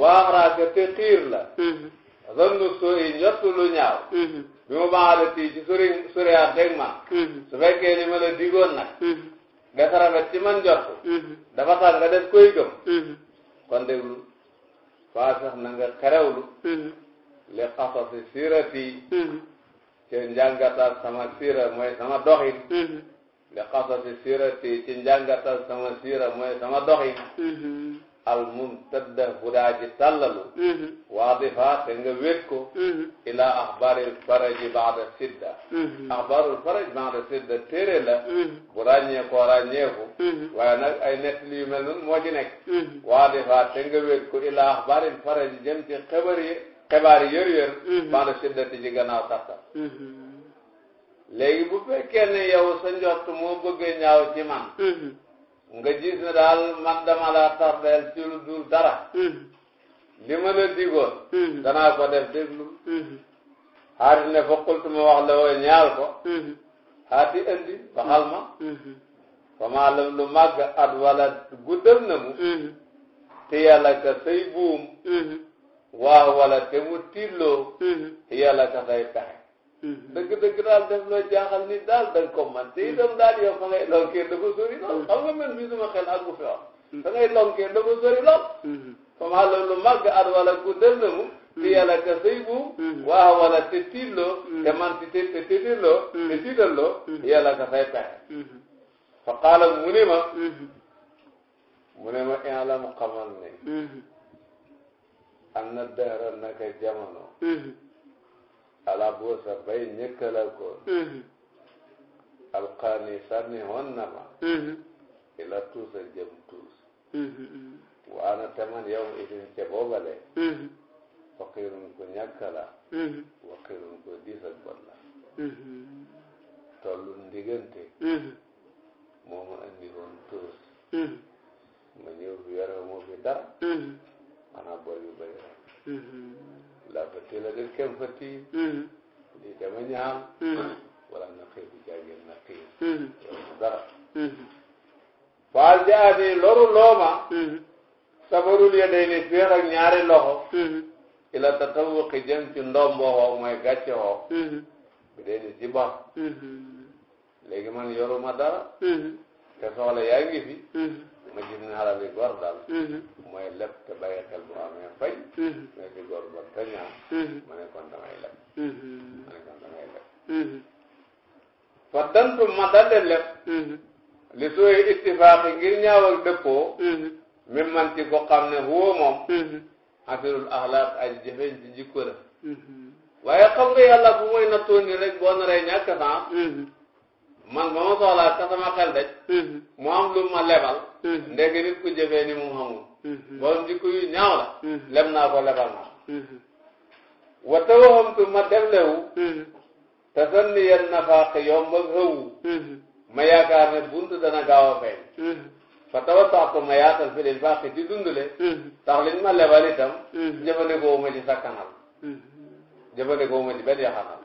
waaxraaka te xiir la zannu soo yi njottu lu ñaaw bi mu baadati ci sori soriyaa dég ma su fekkee ni ma la digoon nag nga sarafet ci man njott dafa tax nga def koy gëm kon déglu faa sax na nga xerewlu li xasasi sirati ci njàngatal sama siira mooy sama doxin mm-hmm. li xasati siirati ci njàngatal sama siira mooy mm-hmm. al mumtadda hudaa ji tàllalu mm-hmm. waadifa te nga wéet faraji baada sidda sidda téere la bu ràññee koo ràññeeku waaye nag yu mel noonu moo nekk waadifa faraji jëm ci xibaar yër yër mhm. banda siddati ci gannaaw kattan mhm. léegi bu fekkee ne yow sa njort moo bëgg a ñaaw mhm. nga gis ne daal man dama la tardeel ci lu dul dara li ma la digoon danaa ko def déglu xaati ne fa qultu wax la woo ñaal ko xaati andi waxal ma fa maa lu màgg at wala guddal na mu te yàlla ka say buum waaw wala te mu tiitloo mhm. yàlla ka ngay pexe mhm. dëgg-dëgg loo jaaxal nit daal da ko man te itam daal yow fa ngay lonkee da ko sori lool mhm. xam nga man mii suma xel ak bu fi wax da ngay lonkee da ko sori lool comme àllo lu màgg at wala guddal na mu te yàlla ka sëy bu waaw te tiitloo te man ti te te tiitloo te tiitalloo yàlla ka say pexe fa qaala mu ne ma mu ne ma in alam xamal ne am na dara naka jamono ala buusa bay ñëkkalal ko alqaani sànni woon ma ila tuusa jëm tuus waana taman yow itin ca boobale faqiirun ko ñàkkala waqiirun ko diis ak bon la tollu ndigante moo ma tuus ma ñëw fi yore moo fi dara maanaam bor yu bëri la. laa fëtti la del kenn fëtti. wala na xëy bu jaagee na xëy. loolu dara. faal jaani loru looma. Mm-hmm. sabarul yadayni féex ak ñaari loxo. Mm-hmm. ila tatawuqi jëm ci ndombo xoo mooy gàcce xoo. bi dee mm-hmm. di ci baax. man yoruma dara. te soxla yaa ngi fi. ma gis ne xalaat bi góor daal. Mm-hmm. mooy leb te bàyyi xel bu amee fay. Mm-hmm. mais si góor ba te ñaar. Mm-hmm. ma ne kon damay leb. ma ne kon damay leb. fa dantu ma dalde leb. li sooy ittifaaqi ngir ñaaw ak dëppoo. même man ci ko xam ne woo moom. afirul axlaaq ay jëfeñ ci jikko la. waaye xam nga yàlla bu mooy nattoo nii rek boo naree ñàkk sens. man ba ma soxlaa te sama xel daj. Mm-hmm. mu am lu ma lebal. Mm-hmm. ndege nit ku jëfee ni mu xamul. Mm-hmm. borom jikko yu ñaaw la. leb naa ko lebal naa. wa tawahamtu ma demlewu. te sanni yenn nafaaq yombal xëwu. ma yaakaar ne buntu dana gaaw a feeñ. fa tawasaxtu ma yaatal fi leen fàq di dundale. tax liñ ma lebal itam. jëfandikoo ma ci sakkanal. jëfandikoo ma ci benn yaxanal.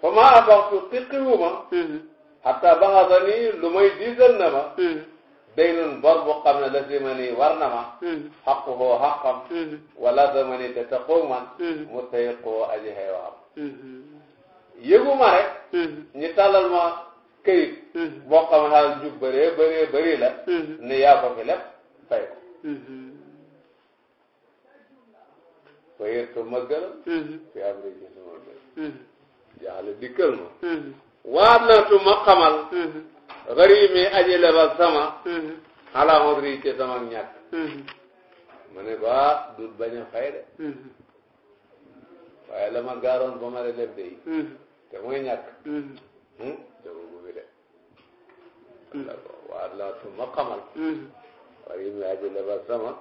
fa maa abaxtu tiqiwuma. Mm-hmm. hatta ba nga ba lu may diisal na ma. day mm-hmm. doon bor bu xam ne ni war na ma. Mm-hmm. xaqu koo xaqam. wala zama ni te taxoo man. mu tey koo aji xëy waxam. yëguma rek. ñu tàllal ma këyit. boo xam ne xaalis ju bëree bëree la. ne yaa ko fi fay ko. waaye ma gërëm. fi am rek gisuma gërëm. jaxle dikkal ma hmm. waat na tu ma xamal hmm. mi aji lebal sama hmm. sama ñàkk ma ne ba ah, dut bañ a fay de waaye la ma gaaroon ba ma de leb te mooy ñàkk dama gubi de waat na tu ma xamal mi aji lebal sama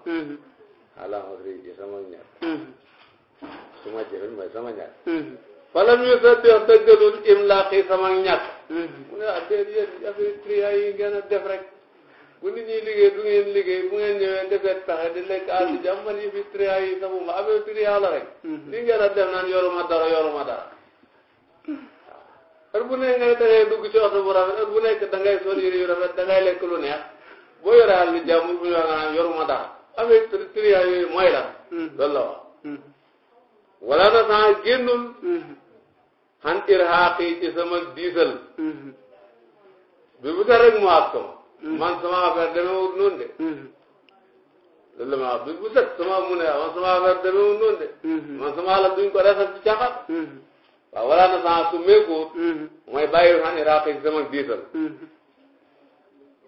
sama ñàkk su ma jëfin mooy sama ñàkk falam yu sa def dëggalul imlaaqi sama ñàkk mu ne affaire yéen affaire tria a def rek bu nit ñi liggéey du ngeen liggéey bu ngeen ñëwee defee pexe di lekk àll jàmm yi fi tria yi sama ma affaire tria la mhm. a yoruma dara yoruma dara heure bu nekk ngay dangay dugg bu rafet heure bu nekk dangay sol yére yu rafet dangay lekk lu bu yoruma dara affaire tria yooyu mooy la mhm. loolu la wala ta saa génnul xan mm-hmm. irhaaqi ci sama diisal mm-hmm. bi bu tax rek mu àgg sama mm-hmm. man sama affaire demeewul noonu de loolu ma bi bu set sama mu ne man sama affaire demeewul noonu de man sama alal duñ ko resal ci caaxaan wala ta saa su mooy bàyyi xan irhaaqi ci sama diisal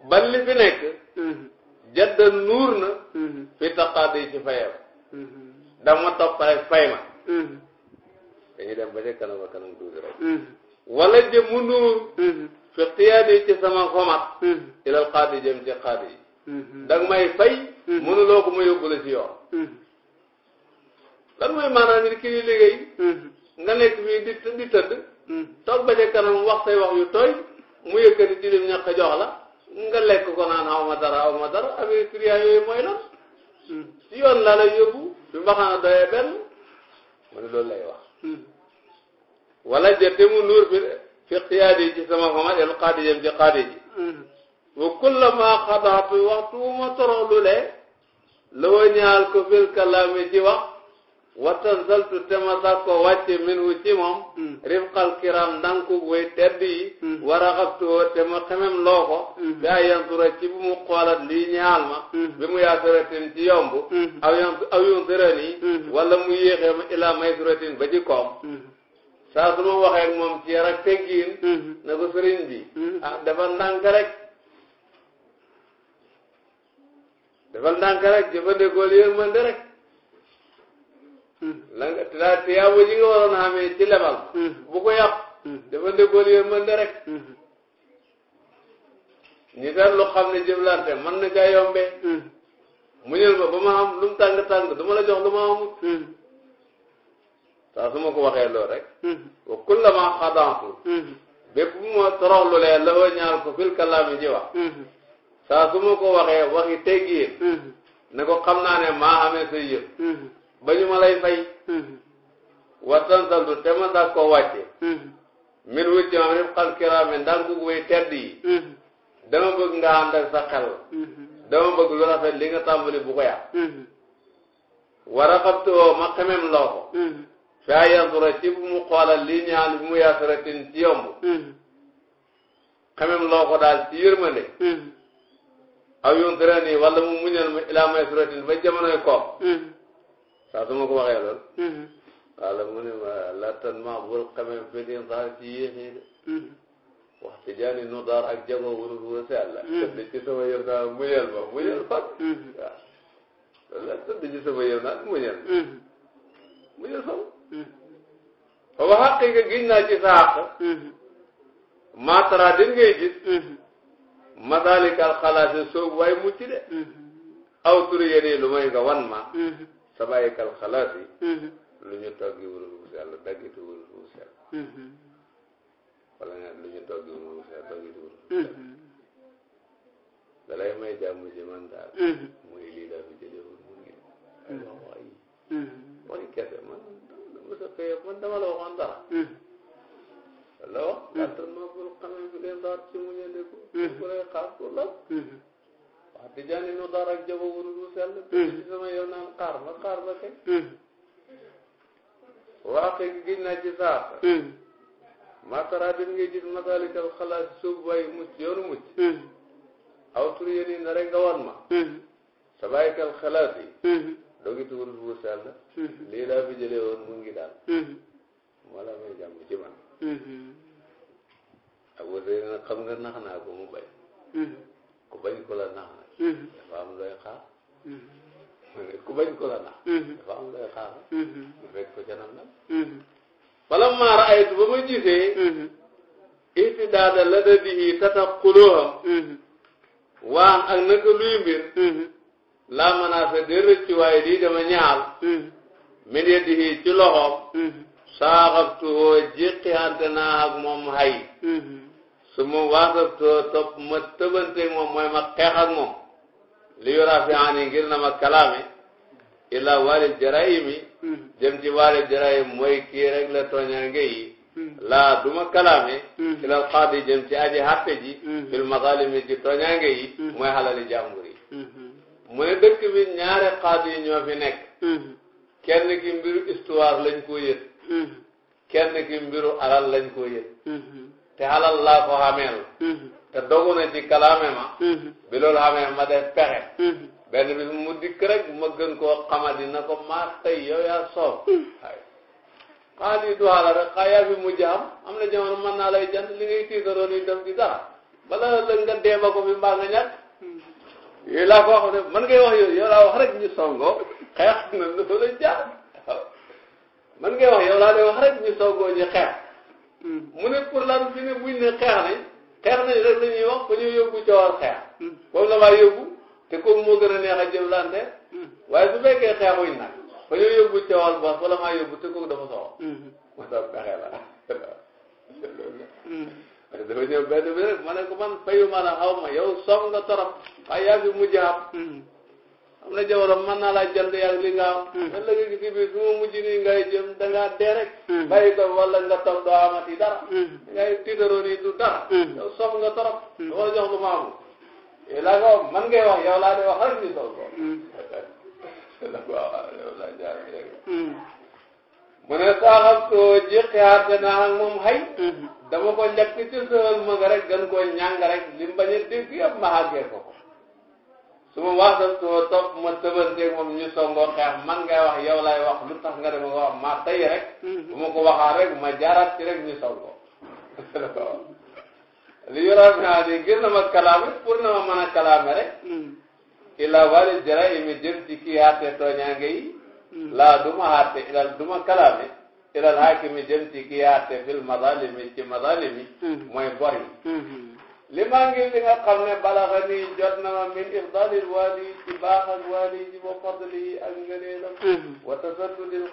ban li fi nekk jadda nuur na fi taqaadi ci fayam dama topp rek fay ma dañuy dem ba ca kanam ak kanam tuuti rek. Mm-hmm. wala jëmu nuur. Mm-hmm. fi xiyaadi ci sama xomat. Mm-hmm. ilal xaadi jëm ci xaadi yi. da may fay. mënuloo ko ma yóbbu la ci yoon. lan nga nekk fii yóbbu bi ma xam benn. mu ne loolu lay wax hmm. wala jëtte mu nuur fi fi xiyaadi yi ci sama xamat el xaadi yam ci xaadi ji hmm. wa kullama xadaatu waxtu wu ma toroxlu le la wa ñaal ko fil kalaami wax watanzaltu tema sàkko wàcce minhu ci moom rifqal kiram ndànkug way tedd yi waraxabtuwoo te ma xemem loo ko bi ay yantura bu mu xoolat lii ñaal ma bi mu yaasuratin ci yomb aw yon aw yuntirani wala mu yéexee ma ilaa maysuratin ba ci koom saa su ma waxee moom ci yar ak teggiin na ko sëriñ bi ah dafa ndànk rek dafa ndànk rek jëfandikoo yërmande rek Hmm. la nga daal tiyaaba ji nga waroon xamee ci lebal. Hmm. bu ko yàq. Hmm. dafa déggoon yërmande rek. ñi loo xam ne jëflante mën na kaa yombee. muñal ma ba ma am mu tàng tàng du ma la jox lu ma amut. saa su ko waxee loolu rek. wa kullama xadantu. bépp bu ma toroxlulee la ko ñaar ko fil kalaami ji wax. saa su ma ko waxee waxi teggiin. ne ko xam naa ne maa amee say yëf. ba ñu ma lay fay mm-hmm. watan santu te ma dak koo wàcce mm-hmm. min wut ma rib xal kiraami ndaan ku way tedd yi mm-hmm. dama bëgg nga ànd sa xel dama bëgg lu rafet li nga tàmbali bu ko war a xabtuwoo ma xemem loo ko faa ci bu mu xoolal lii ñaan bi mu yaasaratin ci yomb xemem loo daal ci yërmande aw yoon dara nii mu muñal ma ilaa may suratin ba jamonoy koom saa su ma ko waxee lool. Mm-hmm. maa bul xamee fil insaar ci yéex yi mm-hmm. wax ci nu daar ak jago wu ñu wër si àlla. Mm-hmm. ci sama yër naa muñal ma muñal fan. waaw loolu la tëdd ci sama yër naa muñal. muñal fan. fa ba xàq nga giñ naa ci sa xàq. maatara din ngay gis. masalikal xalaat soobu aw turu yéen lu may nga wan ma. sabaayikal xalaat yi mm-hmm. lu ñu toggi wul fu sell daggitu wul fu sell mm-hmm. wala nga lu ñu toggi wul fu sell daggitu wul mm-hmm. dalay may jàmm ci man daal muy lii daa fi jëlee mu ngi wax yi waxi kese man dama sa xëy man ma bul xamee bi ngay daat ci muñandiku bu lay xaar pour la wax di jani lu dara ak jabo wuru du sell hmm. ci sama yow naan xaar ba kay hmm. waaqi giñ naa ci saar hmm. matara din ngay gis masalikal xalaas suub waaye mucc yoonu aw tur yéen yi na rek nga wan ma sabaykal xalaas yi dogitu wuru du sell lii laa fi jëlee woon mu ngi daal moo la may jàmm ci man ak wasee na xam dafa am looy xaar. ku bañ ko la nax. dafa am looy xaar. mu fekk ko canam nag. wala maar aytu ba ma gisee. itidaada la da di tata xulóoxam. waan ak naka luy mbir. laa manaasa de rëcc waaye di dama ñaal. min yadihi ci loxoom. saaxabtuhoo jiqiyante naa ak moom hay. su ma waasabtoo topp ma tëbante moom mooy ma xeex ak moom. li yorafi ani ngir na ma kalaame illa walil jarayimi jëm ci walil jarayim mooy kii rek la tooñange yi laa duma kalaame ila xaadi jëm ci aji hàtte fil mazalimi ci tooñange yi mooy xalali jàmbur mu ne dëkk bi ñaari xaadi ñoo fi nekk kenn ki mbiru histoire lañ ko yët kenn ki mbiru alal lañ ko te alal laa ko xameel te dogu na ci kalaame ma mm-hmm. bi loolu pexe mm-hmm. benn bis mu dikk rek ma gën koo xamadi ko maa tey yow yaa soob mm-hmm. ay xaa du xaala rek xaa yaa fi mujj am am na jamono mën naa lay jant li ngay tiitaroo nii def di dara bala lëg nga deema ko fi mbaa nga ñàkk yooyu laa ko ne man ngay wax yow wax rek ñu songoo xeex na loolu la jaar man ngay wax yow laa lay wax rek ñu songoo ñu xeex mu ne pour lan fi ne buñ ne xeex nañ xeex nañ rek la ñuy wax ba ñu yóbbu cawar xeex boobu hmm. la maa yóbbu te comme moo gën a neex a jëflante hmm. waaye su fekkee xeexuñ nag ba ñu yóbbu cawar bas ba la maa yóbbu te kooku dafa soxla ma hmm. doon pexe la dafa ñëw benn bi rek ma ne ko man fayu ma la xaw ma yow soog nga torop waaye yaa fi mujj am xam nga jabaram mën naa laa jënd yàgg li nga am. ëllëg hmm. gi ci biir bi mu mujj nii ngay jëm da ngaa dee rek. Hmm. bàyyi ko wala nga toog doo amati dara. Hmm. ngay tiitaroo nii du dara. yow soog nga torop. dafa la jox lu ma amul. yow laa ko man ngay wax yow laa de wax rek ñu soog ko. yow laa jaar rek. mu ne saaxatoo jeexaate naa ak moom xay. dama ko njëkk ci sëral ma nga rek gën koo ñàng rek lim bañ a dégg yëpp ma àggee ko ko. su ma wax dëgg topp ma tëbanteeg moom ñu songoo xeex man ngay wax yow lay wax lu tax nga ma rek. Mm-hmm. bu ma ko waxaat rek ma jaaraat ci rek ñu songoo. li yoroon naa di gën a ma kalaame pour na ma mën a rek. Mm-hmm. ila wali jara imi jëm ci kii xaate tooñaange yi. Mm-hmm. laa du ma xaate ilal du ma kalaame. haakimi jëm ci kii xaate fil mazalimi ci mazalimi mooy bor li maa ngir li nga xam ne balaxa nii jot na ma min ifdalil waali ci baax ak waali ji ba fadli yi ak ngëneelam mm-hmm. wa tasaddudil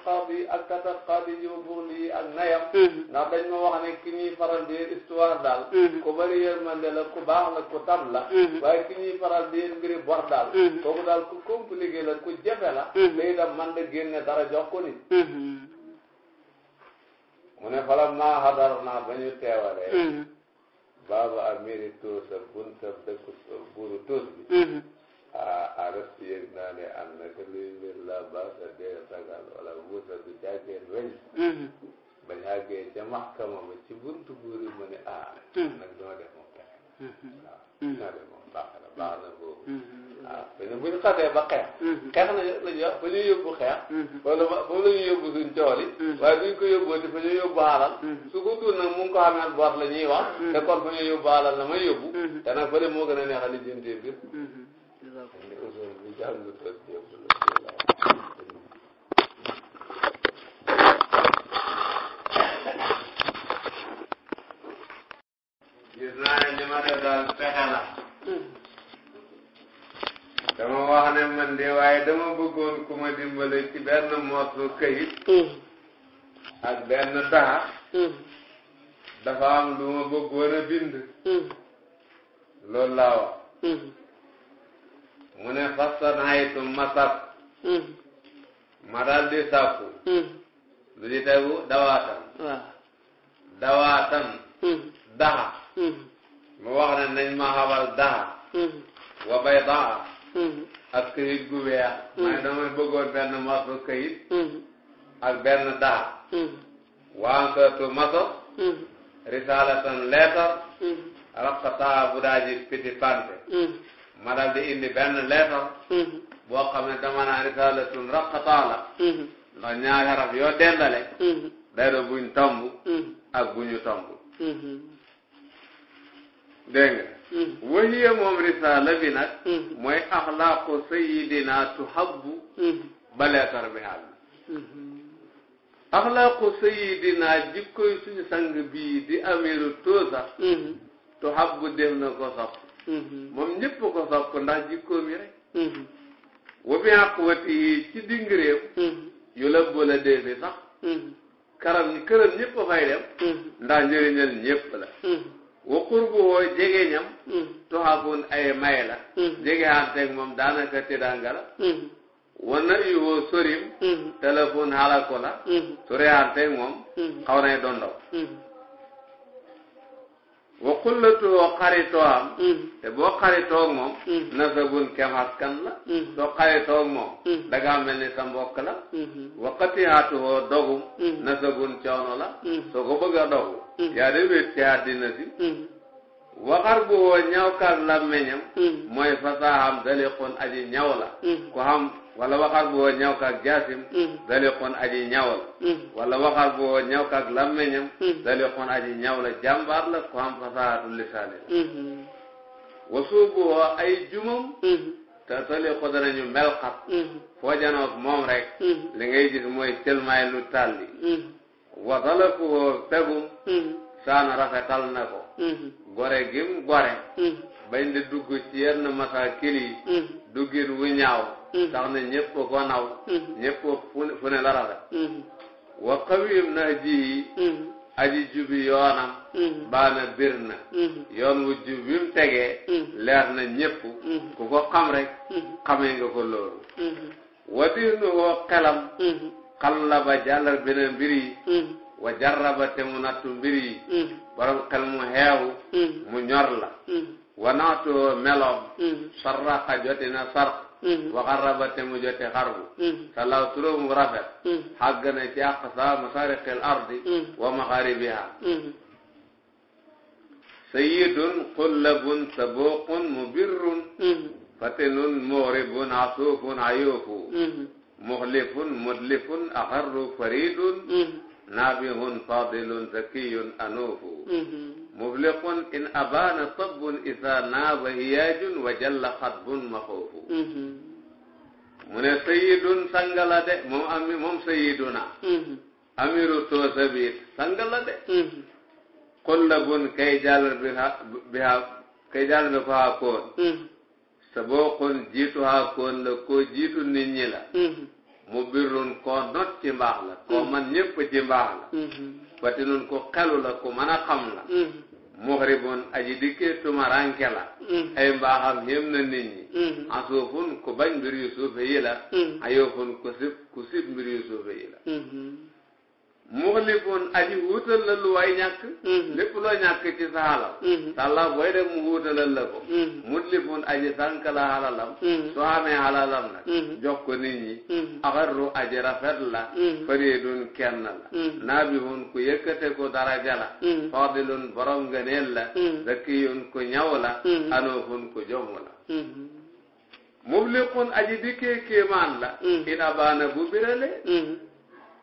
ak tasat xaab yi ji ba buxli ak nayam mm-hmm. ndax dañ wax ne ki ñuy faral di histoire daal mm-hmm. ku bëri yërmande ku baax la ku tam la waaye ki ñuy faral di mbiri bor daal kooku daal ku compliqué la ku jafe la day da man da génne dara jox ko nit mu ne fala maa xadar naa ba ñu teewalee baaba amiri tuus ak bunta dëkku buuru tuus bi ah aras yëg naa ne am na la baasa dee sagal wala muusa du jàggeen weñ bañ àggee ca maxkama ba ci buntu buuri mu ne ah nag dama def mu pexe baax na baax na boobu. Mm-hmm. Ah, ba xeex. Mm-hmm. xeex la ñu fa ñu yóbbu xeex. Mm-hmm. wala ba foofu la ñuy yóbbu suñ tool yi. waaye bu ñu ko ñu alal. su ko tuur nag mu ngi ko la ñuy wax. te kon fa ñu yóbbu alal la ma yóbbu. te nag fële moo gën a neexal li jëndee bi. man waaye dama bëggoon ku ma dimbale ci benn mootu hmm. ak benn taxa hmm. dafa am lu ma a bind hmm. loolu mu ne fastanaytu masab ma daal di sàkku lu di tegu dawaatam dawaatam daxa mu wax ne nañ ma xabal daxa wa ak këyit gu weex man mm. damay bëggoon benn maso këyit mm. ak benn daa mm. waanseetu maso risalatan leetar rakkataa bu daa piti pante ma di indi benn leetar boo xam ne dama naa risalatun rakkataa la ndax ñaari xaraf yoo dendale dayro buñ tomb ak bu ñu tomb mm-hmm. Hmm. wahiya moom risaala bi nag hmm. mooy axlaaqu sayidina tuhabbu ba leetar bi àll axlaaqu sayidina jikkoy suñu sang bii di amiru toosa hmm. tuhabbu dem na moom ñëpp ko sopp ndax jikkoom rek wa bi aquwati yi ci dingiréew yu la boole dee sax karam këram ñëpp fay dem ndax njëriñal la wa qurbu woo jege ñam hmm. tuhabun ay may la hmm. jege hanteeg moom daanaka tedanga la hmm. wana yu woo sorim téléphone la sore hanteeg moom xaw nay doon ndaw wa xullatu xaritoo am te boo xaritoog moom nasabun kem askan la soo xaritoog moom dangaa mel ni sa mbokk la wa qatihaatu woo dogum nasabun coono la soo ko bëgg dogu Hmm. yaa de wéet ci àddina si hmm. waxar bu woo ñawkat làmmeñam hmm. mooy fasaxam daliqoon aji ñaw la ku xam wala waxar bu woo ñawkat jaasim daliqoon aji ñaw la wala waxar bu woo ñawkat làmmeñam daliqoon aji ñaw la jàmbaar la ku xam fasaxatu lisaani la wasuub bu woo ay jumam te daliqo danañu melxat foo janoog moom rek li ngay gis mooy cëlmaay lu tàlli wasala ku pegum saana rafetal na ko hmm. gore gim gore hmm. bañ di dugg ci yenn masakil yi hmm. duggin wu ñaaw tax na ñëpp ko naw ñëpp fu ne la rafet wa qawim na ji yi aji jubi yoonam baana bir na yoon wu jub wi mu tegee leer na ñëpp ku ko xam rek xamee nga ko loolu wadiinu woo xelam xallaba jàllar bina mbir yi hmm. wa jarraba te mu nattu mbir yi hmm. borom xel mu xeew hmm. mu ñor la wa naatu meloom sarraxa joti na sarx wa xarraba te mu joti xarbu salaw turóom rafet xàgg na ci aqsa masariqil ardi wa maxaribiha sayyidun qullabun sabuqun mubirrun fatinun muuribun asuufun ayuufu muxlifun mutlifun axarru faridun naabihun fadilun zakiyun anuufu mufliqun in abaana sabbun isa naaba hiyaajun wa jalla xatbun maxoofu mu ne sayidun sangala de moom ami moom sayiduna amiru toosa bi sangala de xullabun kay jàll bi ha bi ha kay jàll bi ko ha koon saboqun jiituhaa koon la koo jiitu nit ñi la mm-hmm. mu birrun koo not ci mbaax la koo mm-hmm. man ñépp ci mbaax la mm-hmm. batinun ko xelu la ku mën a xam la muxribun aji dikkee tumaranke la ay mbaaxam yem na nit ñi asuufun ku bañ mbir yu suufe yi la ayoofun ku sib ku sib mbir yu suufe yi la muxlifun aji wuutal la lu way ñàkk mm-hmm. lépp loo ñàkk ci sa xalal sàlla mm-hmm. booy mu wuutalal la ko mm-hmm. mutlifun aji sànk la xalalam soo amee xalalam nag jox ñi axarru aji rafet la fariidun kenn la naabihun ku yëkkate daraja la fadilun borom ngëneel la zakiyun ku ñaw la anoofun ku jom la muflixun aji dikkee kéemaan la in abaana bu birale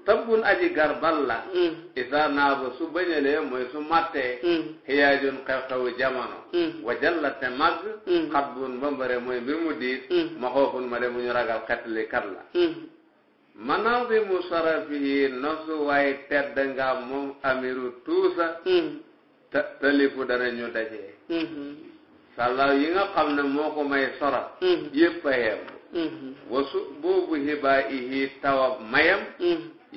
tabbun aji garbal la hmm. isa naaba su bañalee mooy su mattee hmm. xiyaajun xew-xewu jamono hmm. wajalla te mag xatbun ba mbare mooy mbir mu diis ma xoofun ma de mu ñu ragal xetli la manaw bi mu sarafihi nosu waay tedd nga moom amiru tuusa te talifu dana ñu dajee salaw yi nga xam ne moo ko may soraf yépp a yem wasu boobu hibaa ihi tawab mayam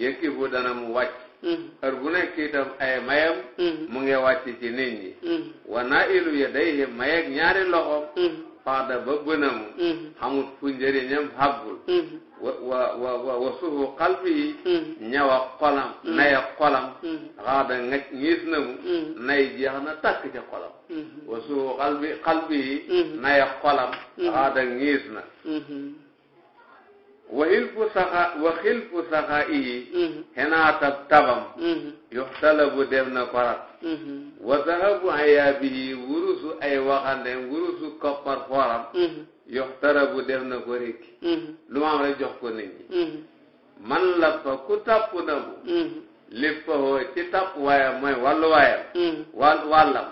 yëkki bu dana mu wàcc mm-hmm. heure bu nekk itam ay mayam mm-hmm. mu ngi ci nit mm-hmm. wa naa ilu ya day hi mayeeg ñaari loxoom faada ba bënamu xamut fu njëriñam xabbul wa wa wa wa suufu xalbi yi ñawa xolam naya na mu nay takk ca xolam wa suufu xalbi xalbi yi naya xolam xaada ñiis na wa xilfu saxa wa xilfu saxa iyi mhm. xenaatab tabam mhm. yuxtalabu dem na farat mhm. wa zahabu ayaabihi wurusu ay waxandem wurusu koppar foram yuxtarabu dem na ko rékki lu ma am rek jox ko nit man la fa ku tàpp na bu lépp foo ci tàpp waayam mooy wàllu waayam wàll wàllam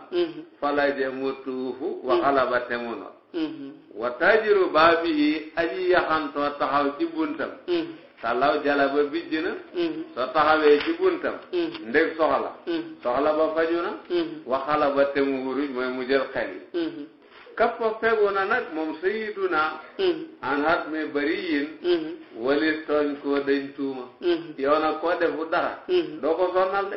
falaje mu tuufu waxalaba te mu wa taajiru baabihi aji yaxantoo taxaw ci buntam mm. talaw jala ba bijj na mm. soo ci buntam mm. ndég soxla soxla ba faju na ba te mu wuruj mooy mu jël kappa fegu na moom sayiduna an hat me bari yin walis tooñ koo dañ tuuma yow nag koo defu dara doo ko de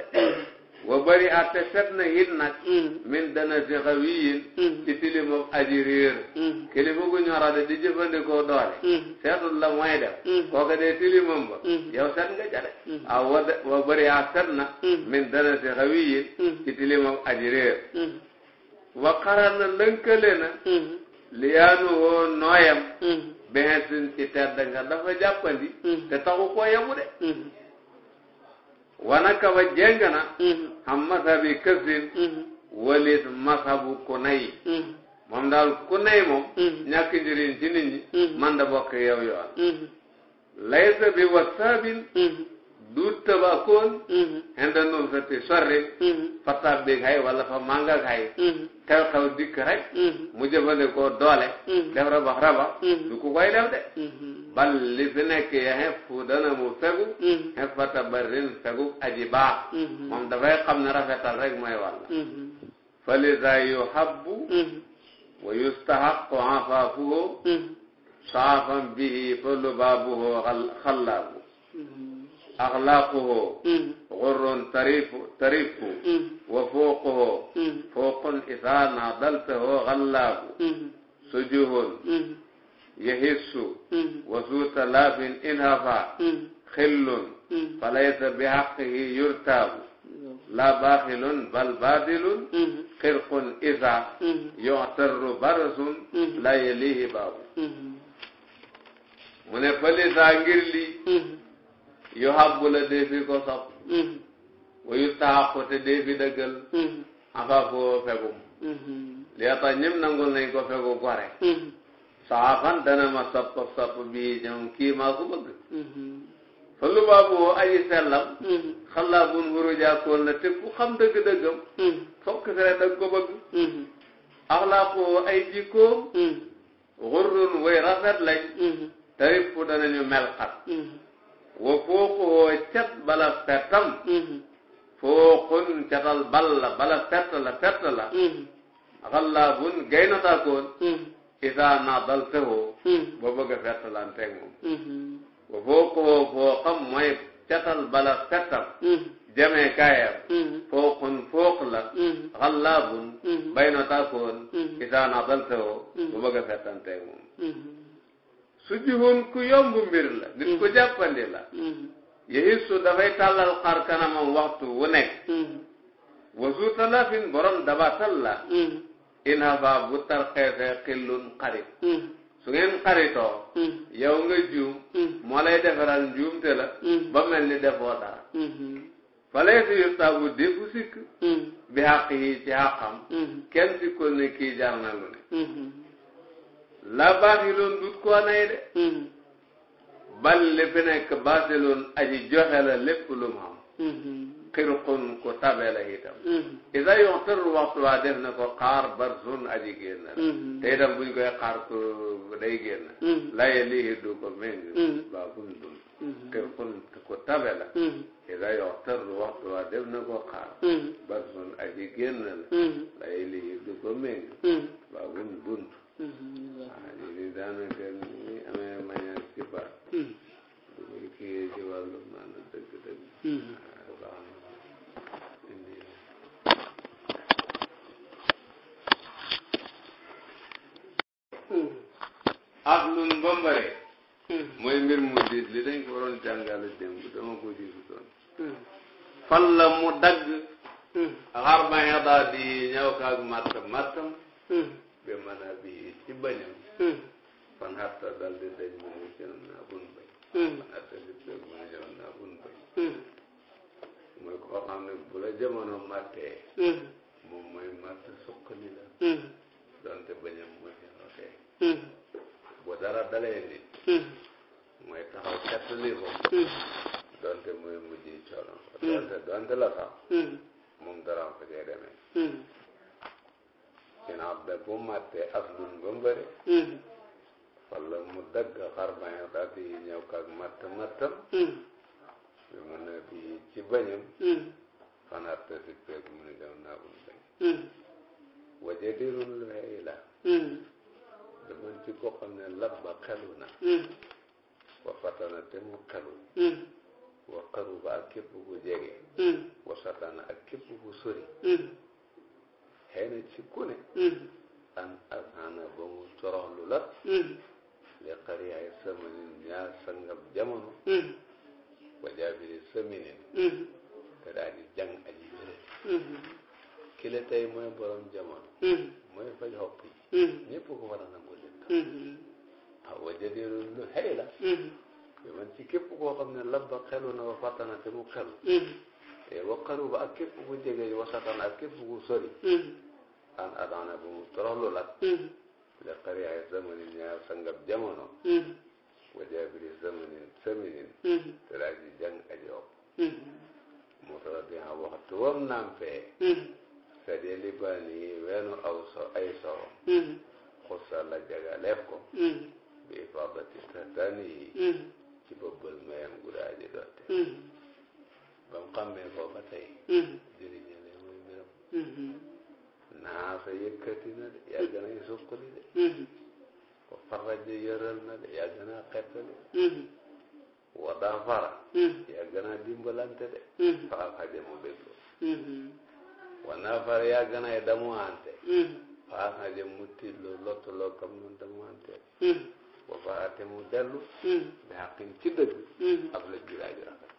wa bari set na it nag mm. min dana fi xawiyin mm. ci tilimoom aji réer mm. kilifa gu ñorade di jëfandikoo doole seetul la mooy def kooka dee tilimam ba yow set nga ca de aw wa wa bari a set na min dana fi xawiyin ci tilimoom aji réer wa xaral na lënkale na liyaanu woo nooyam benn ci tedd nga dafa jàppandi te taxu koo yemu wanaka wa jengana xam masabi kësin walit masabu ku moom daal ku moom ñàkk njëriñ ci man da bokk yow yoon laysa bi wasaabin du tabakoon henda nun ti sorrin fa tabbi kay walla fa manga kay xew xew dikk rek mu jëfandikoo doole def rabax rabax du ku koy de bal li fi nekk ya xefu dana mu fegu mm-hmm. xefata barrin fegu aji baax mm-hmm. moom dafay xam ne rafetal rek mooy wàlla mm-hmm. falisa yuhabbu wa yustahaqu afafuhu saafan bihi fa lubaabuhu xallaabu axlaaquhu xurrun tarifu tarifu wa fooquhu fooqun isaa naadaltahu xallaabu sujuhun yahissu wasu talaafin inhafa xillun falaysa bi haqqihi yurtaabu laa baaxilun bal baadilun xirqun isa yuxtarru barasun laa yalihi baabu mu ne falisa ngir lii yu habbu la dee fi ko sopp wayu te dee fi dëggal afaa foo fegum li ata nañ ko fegu gore saxaafan dana ma sopp sopp bii ñoom kii maa ko bëgg fa mm-hmm. lu baaboo aji sellam xalaa mm-hmm. bun wurujaakoon la te xam dëgg-dëggam mm-hmm. fokk sere dag ko bëgg axlaaqoo ay jikkoom xurrun way rafet lañ tarippu danañu mel xat wa fooqoo cet bala fettam fooqun cetal bal la bala fett la fett la xalaa bun gaynotaakoon isaa naa dal tëwoo ba bëgg a fettalante moom ba foo ko foo xam mooy catal fettal jamee kaayam fooqun fooq la xallaabun bay na taakoon isaa naa dal tëwoo ba bëgg a fettante moom su jihun ku yomb mbir la nit ku jàppandi la yéen su dafay tàllal xar kanamam waxtu wu nekk wa su talafin borom dabatal la inhaba bu tarxeesee xillun xarit hmm. su ngeen xaritoo hmm. yow nga juum hmm. moo lay defaral njuumte la ba mel ni defoo dara falay si yu saabu défu sikk bi xàq yi ci xàqam kenn sikkul kii jar na lu ne la baatiloon dut koo nay de bal li fi nekk baatiloon aji joxe la lépp lu mu xirqun ku tabe la itam mm-hmm. isa yon tër waxtu waa na ko xaar barzun aji génn la mm-hmm. te itam buñ ko day génn laye lii ku tabe la isa yon tër waxtu waa na ko xaar mm-hmm. barzun aji génn la laye lii du ko méng baa bun aslun bambare hmm. mooy mbir mu diis li dañ ko waroon jàngale démb dama ko diisutoon hmm. fan la mu dagg hmm. xarma xedaa di ñëw kaag mattam mattam bi mën a bii ci bañam fan xatta dal di dañ ne jëloon naa bun bañ fan xatta di dañ mu ne jëloon naa bun bañ mooy koo xam ne bu la jamono moom mooy matt suqali la donte bañam mooy xerotee bu dara dalee nit hmm. mooy taxaw xettali ko hmm. donte muy mujj coono hmm. donte donte la sax moom dara ko cee demee ginnaaw da bu màttee as lun ba mbëri walla mu dagg xarbañam daal di ñëw kak matt mattam bi mu ne bi ci bañam fanaat te si peeg mu ne dem naa bu bañ wajadirul weyla demoon ci koo xam ne labba xelu na hmm. wa fatana te mu xelu hmm. wa qaruba ak képp ku jege hmm. wa satana ak képp ku sori ci ku ne an asana ba mu toroxlu la li xariyaay samanin ñaar sangab jamono wa jaabiri saminin te daal aji wéré kile tey mooy borom jamono mm-hmm. mooy faj xopp yi mm-hmm. ñëpp ko a nangu leen ah mm-hmm. wajadiru lu xëy la ci képp koo xam ne labba xelu na wa fàttana te mu xelu te waqaru ba ak képp ku jege yi wasatana ak képp ku sori an adana bu mu toroxlu lat le xariyaay zamani ñaar sangab jamono wajabiri zamani saminin te laaj ji mu tara bi waxtu wam naam fee kadi libani weenu aw ay sow mm-hmm. xussa la jagaleef mm-hmm. bi ifadati satani mm-hmm. ci bëbbal mayam gudaaji dotte ba mu xammee foofa tey jëriñale muy mbiram naa sa yëkkati na de yàgg nay suqali de ko faraja yëral na de yàgg naa xettali wada fara yàgg naa dimbalante de faal xaja mu béggo wana far yàgg nay damu ante faas na jëm mu tillu lottu loo kam noon damu ante ba faate mu dellu mais xaqin ci dëgg ab la juraaju rafet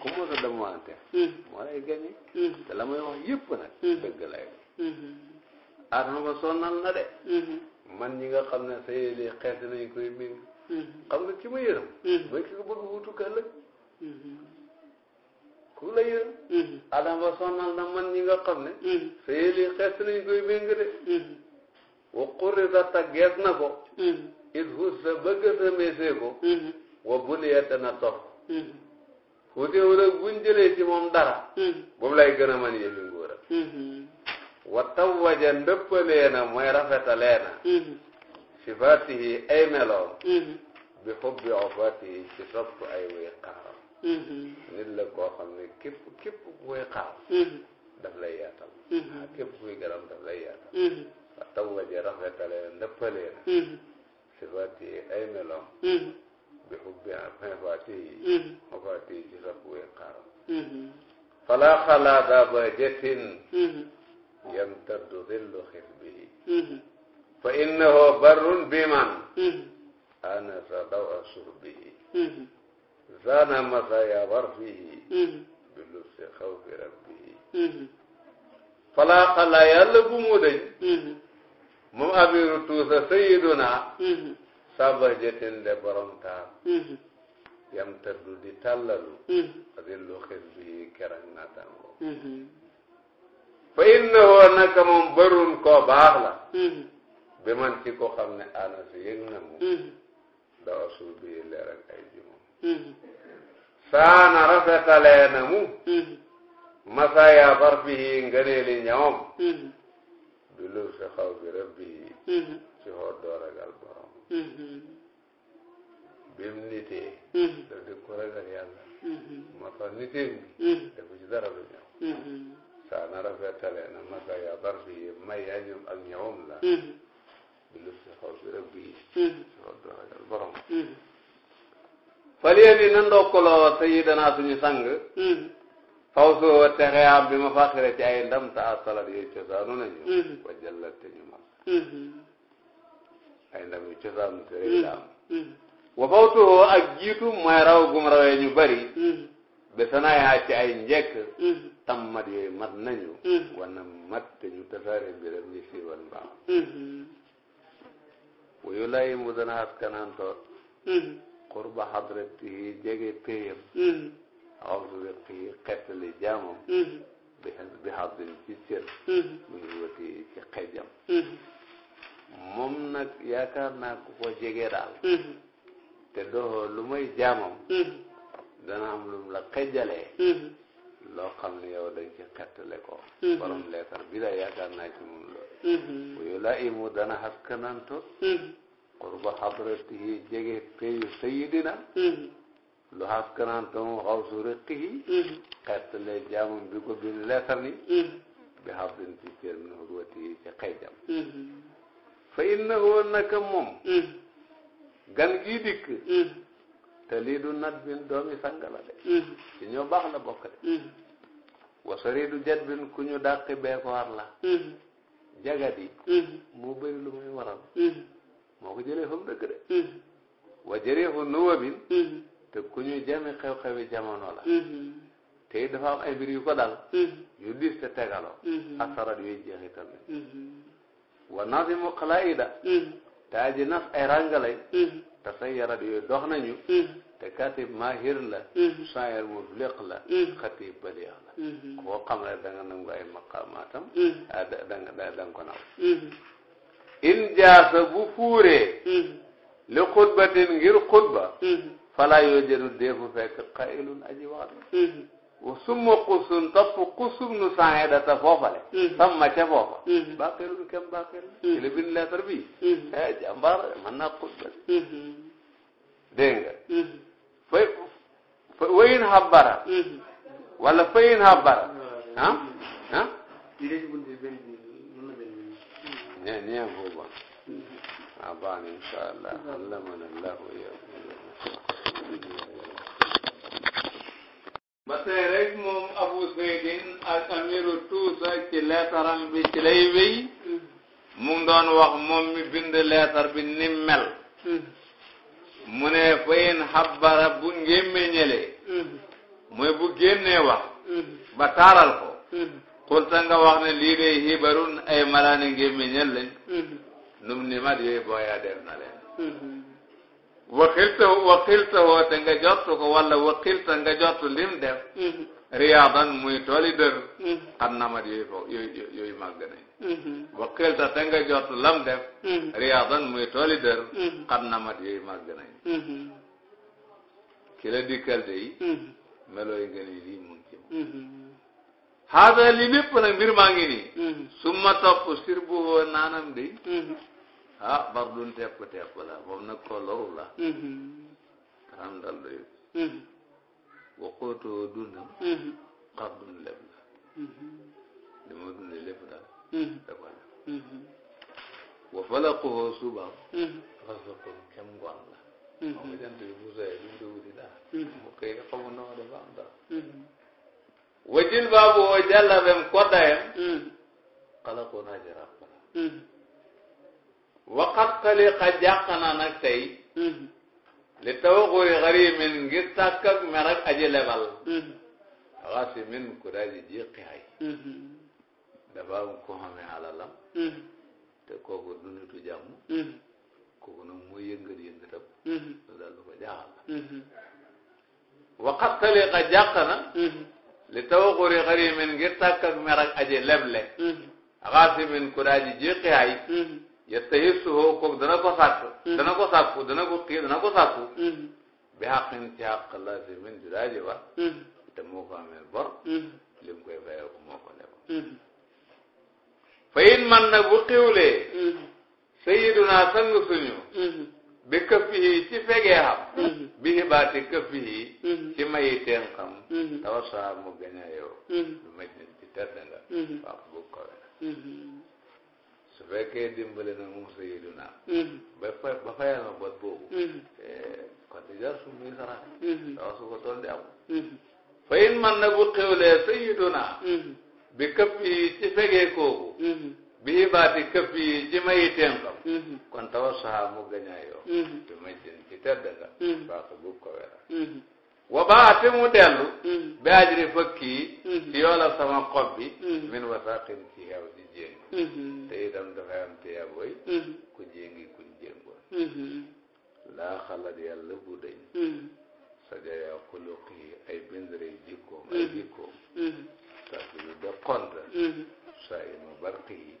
ku mos a ante moo lay gañe te la may wax yëpp dëgg lay aat na ko sonnal na de man ñi nga xam ne sa yéeli xeet nañ koy ming xam nga ki ma yërëm mooy ki ko bëgg wutu ëllëg ku la yërëm mm-hmm. adam ba sonnal na man ñi nga ne sa yéli xees nañ koy méng mm-hmm. wa qurrita ta gees na ko mm-hmm. il hus sa bëgg sa meesee ko wa buliya dana tox fuutewul ak buñ jëlee ci moom dara bu mu lay gën a man yëfi nguuram wa tawwaja ndëppaleena mooy rafetaleena sifaatihi ay meloom bi xubbi ofaati ci sopp ay way xaaram nit la koo xam ne képp képp kuy xaaram daf lay yaatal képp kuy garam daf lay yaatal wa tawaje rafetale ndëppalee na sifaati ay meloom bi xubbi ofaati ofaati ci sopp way xaaram fala xalaata ba jetin yamtaddu dillu xis bihi fa innahu barrun biman anasa dawa suhbihi zana masaya warfihi bi lubsi xawfi rabbihi falaaqa la yàlla bu mu dañ moom abiru tuusa sayiduna saba jëtin de borom taar yam tëddu di tàllalu adillu xisbihi kerag natango fa innahu naka moom barun koo baax la bi man ci ko xam ne ana si mu dawasu bi leer ay jumam mm-hmm. saana rafetalee na mu mm-hmm. masaya barbihi ngëneeli ñawam mm-hmm. bi lub si xaw bi rabbihi ci xool doo ragal borom bim nitee daf di ko ragal yàlla moo tax niteem bi dafa ci dara lu ñaw saana rafetalee na masaya barbihi may yañum ak ñawam la bi lu si xaw bi rabbi sang faw soo texe am bi ma fàqire ci ay ndam ta asalat yooyu cosaanu nañu wa jallat te ñu mag ay ndam yu cosaanu te rek la am wa fawtuhu ak jiitu mooy raw gum ñu bari be sanaayaa ci ay njekk tammat yooyu mat nañu wana mat te ñu tasaare mbiram yi siiwal mbaax wa yulaayimu dana askanantoor hmm. qurba hadratihi jege péyam hmm. awsu wiqihi xettali jaamam hmm. bi hadrin ci cër min wati ci xejam moom nag yaakaar naa ku ko jege daal te doxoo lu may jaamam dana am lum la xejalee loo xam ne yow dañ ci xettale ko mm-hmm. borom leetar bi la yaakaar naa ci moom loolu bu yu la mm-hmm. imu haskananto mm-hmm. qurba hadratihi jege peyu sayidina lu haskananto mu xaw riqihi xettale jaamam bi ko leetar ni bi habdin ci cër min hurwatihi ci xeejam fa innahu naka moom gan gii dikk te lii du nat bin doomi sanga ci ñoo baax la bokk wasari du jat bin ku ñu dàqi bee ko war la mm-hmm. jagadi mm-hmm. moo bëri lu muy waral mm-hmm. moo ko jëlee fa mu dëkk de wa jëreefu te ku ñu jami xew-xewi jamono la te dafa am ay mbir yu ko dal yu dis te tegaloo asarat yuy jeexital ne wa nasimu xalaida taa ji nas ay ràngalay te say yarat yooyu dox nañu te katib mahir la mhm. shaayir mubliq la xatib mhm. baliix la mhm. koo xam ay maqamaatam a ah, da in jaasa bu fuuree li xutbatin ngir xutba falaa yoo jëdu deefu fekk qailun aji wax wa summa xusun topp xusum nu sane data foofale samma ca foofa baqilun kem baqil li bind lettre bi eh, jàmbaar mën naa xutba dégg fay wayin habara mm-hmm. wala fayin habara ah ah, ah? ne ni en fo bon mm-hmm. a ah, baan inchallah allamana allahu ba tey moom Abu Zaydin ak amiru Tuusa ci leetaram bi ci lay wéy mm-hmm. mu doon wax moom mi bind leetar bi ni mu ne fayin xabara bu ngémméñalee mm-hmm. mooy bu génnee wax mm-hmm. ba taaral ko xulta mm-hmm. nga wax ne lii day xibarun ay malaane ngémméñal lañ num ni mat yooyu booyaa def na leen waxilta waxilta woo te nga jottu ko walla waxilta nga jottu lim def riyaadan muy tooli dër mm-hmm. at namat yooyu fo yooyu yooyu màgg ta te jot lam def mm-hmm. riyaadan muy tooli dër mm-hmm. at namat yooyu màgg nañ ki la dikkal de yi melooy nga ni lii mu ngi ci moom haada li mbir maa ngi nii summa topp sir bu woo naanam de ah bar dun tepp tepp la moom nag ko loru la dal doyu waxootoo dundam mm-hmm. xar dund lépp la li mm-hmm. ma dund lépp daal da ko def wa falaqoo subaam mm-hmm. xasaqon kem ngoon la xam nga jant bi bu soyee duñ dugg di dara mu koy xamu noo dafa am dara wajin baabu woo jàllabem koddayem xalaqoo naa jarab waqat xaliqa jàq naa nag tey li taw xuri xari min ngir tàkk ak mer ak aji lebal xaasi mm-hmm. min ku daaji jiqi ay mm-hmm. dafa am ko xamee alalam mm-hmm. te kooku du nitu jàmm kooku nag mooy yëngal yëngatam lu daal lu ko jaaxal waxat taliqa xuri xari min ngir tàkk ak mer ak aji leble xaasi min ku daaji jiqi ay yastahissuhu kooku dana ko sàkk. dana ko sàkku dana ko kii dana ko sàkku. bi xaqin ci xaq la si min ju ba. te moo ko amee bor. li koy fayal ko moo ko lebal. fayin man nag bu xiwlee. sayiduna sang suñu. bi këf yi ci fegee xam. bi xibaati këf yi. ci mayi teen xam. tawasaa mu gaña yow. lu mel ni ci tedd nga. wax bu ko wér. su fekkee dimbali na moom Sayyiduna ba fay ba fayal ma a boobu mm-hmm. eh, kon di jar su muy sarax dawa mm-hmm. su ko tool di am mm-hmm. fa in man na bu xewlee Sayyiduna bi këpp yi ci fegee kooku bi baati këpp yi ci mayi tenkam kon tawa saha mu gañaa yoo bi ma ci tedd nga baa ko bub wera wa baa te mu dellu mm. bi ajri fakki ci mm. yoola sama xob bi mm. min wasaqin ci xew ci jéng mm-hmm. te itam dafay am te yaboy mm-hmm. ku jéngi kuñ jéngoon mm-hmm. laa xalaat yàlla bu dëñ sajaya xuluqi ay bindre jikkoom ay jikkoom tax du de xonta saa ima barqi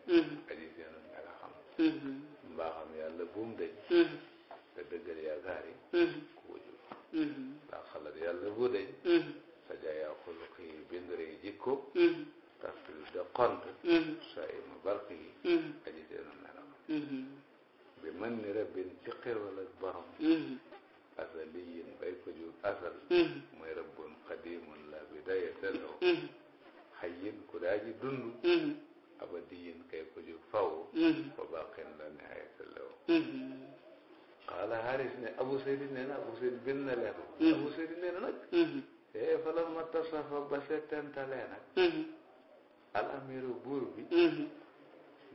amiru buur bi mhm.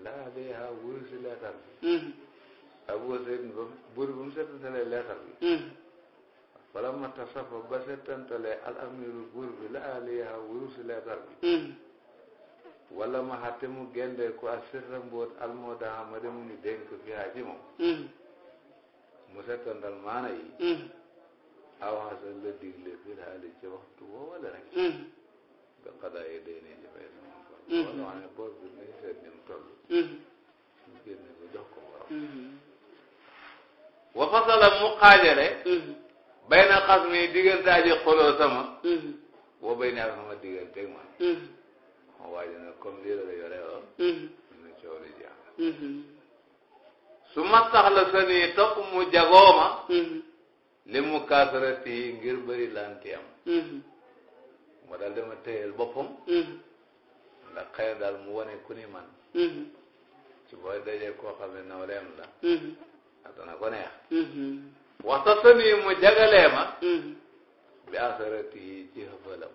laa bee haa wuru si leetar bi mhm. ba buur bi mu settantalee leetar bi mhm. wala ma tasafa ba settantalee al amiru buur bi laa bee haa bi wala ma xatte mu gendee ko a sirra mboot almoodaa ma dem ñu dénk fi haa ci moom mu settantal maana yi aw xasal la digle fi haali ci waxtu woo wala rek bi qadaa yi day ne ci boo mhm. xamee boor bi mu toll bay na xas mi diggante aji xoloo sama woo bay naa sama ma waaji na yore woon ñu mhm. mhm. la sani topp mu jagooma li mu kaasarati ngir bari lanti am ma daal dama téyel boppam ndax xëy daal mu wane ku man mm-hmm. ci booy dajee koo xam ne nawleem la ak mm-hmm. dana ko neex mm-hmm. waxtasa nii mu jagalee ma bi asarati yi ci xëfalam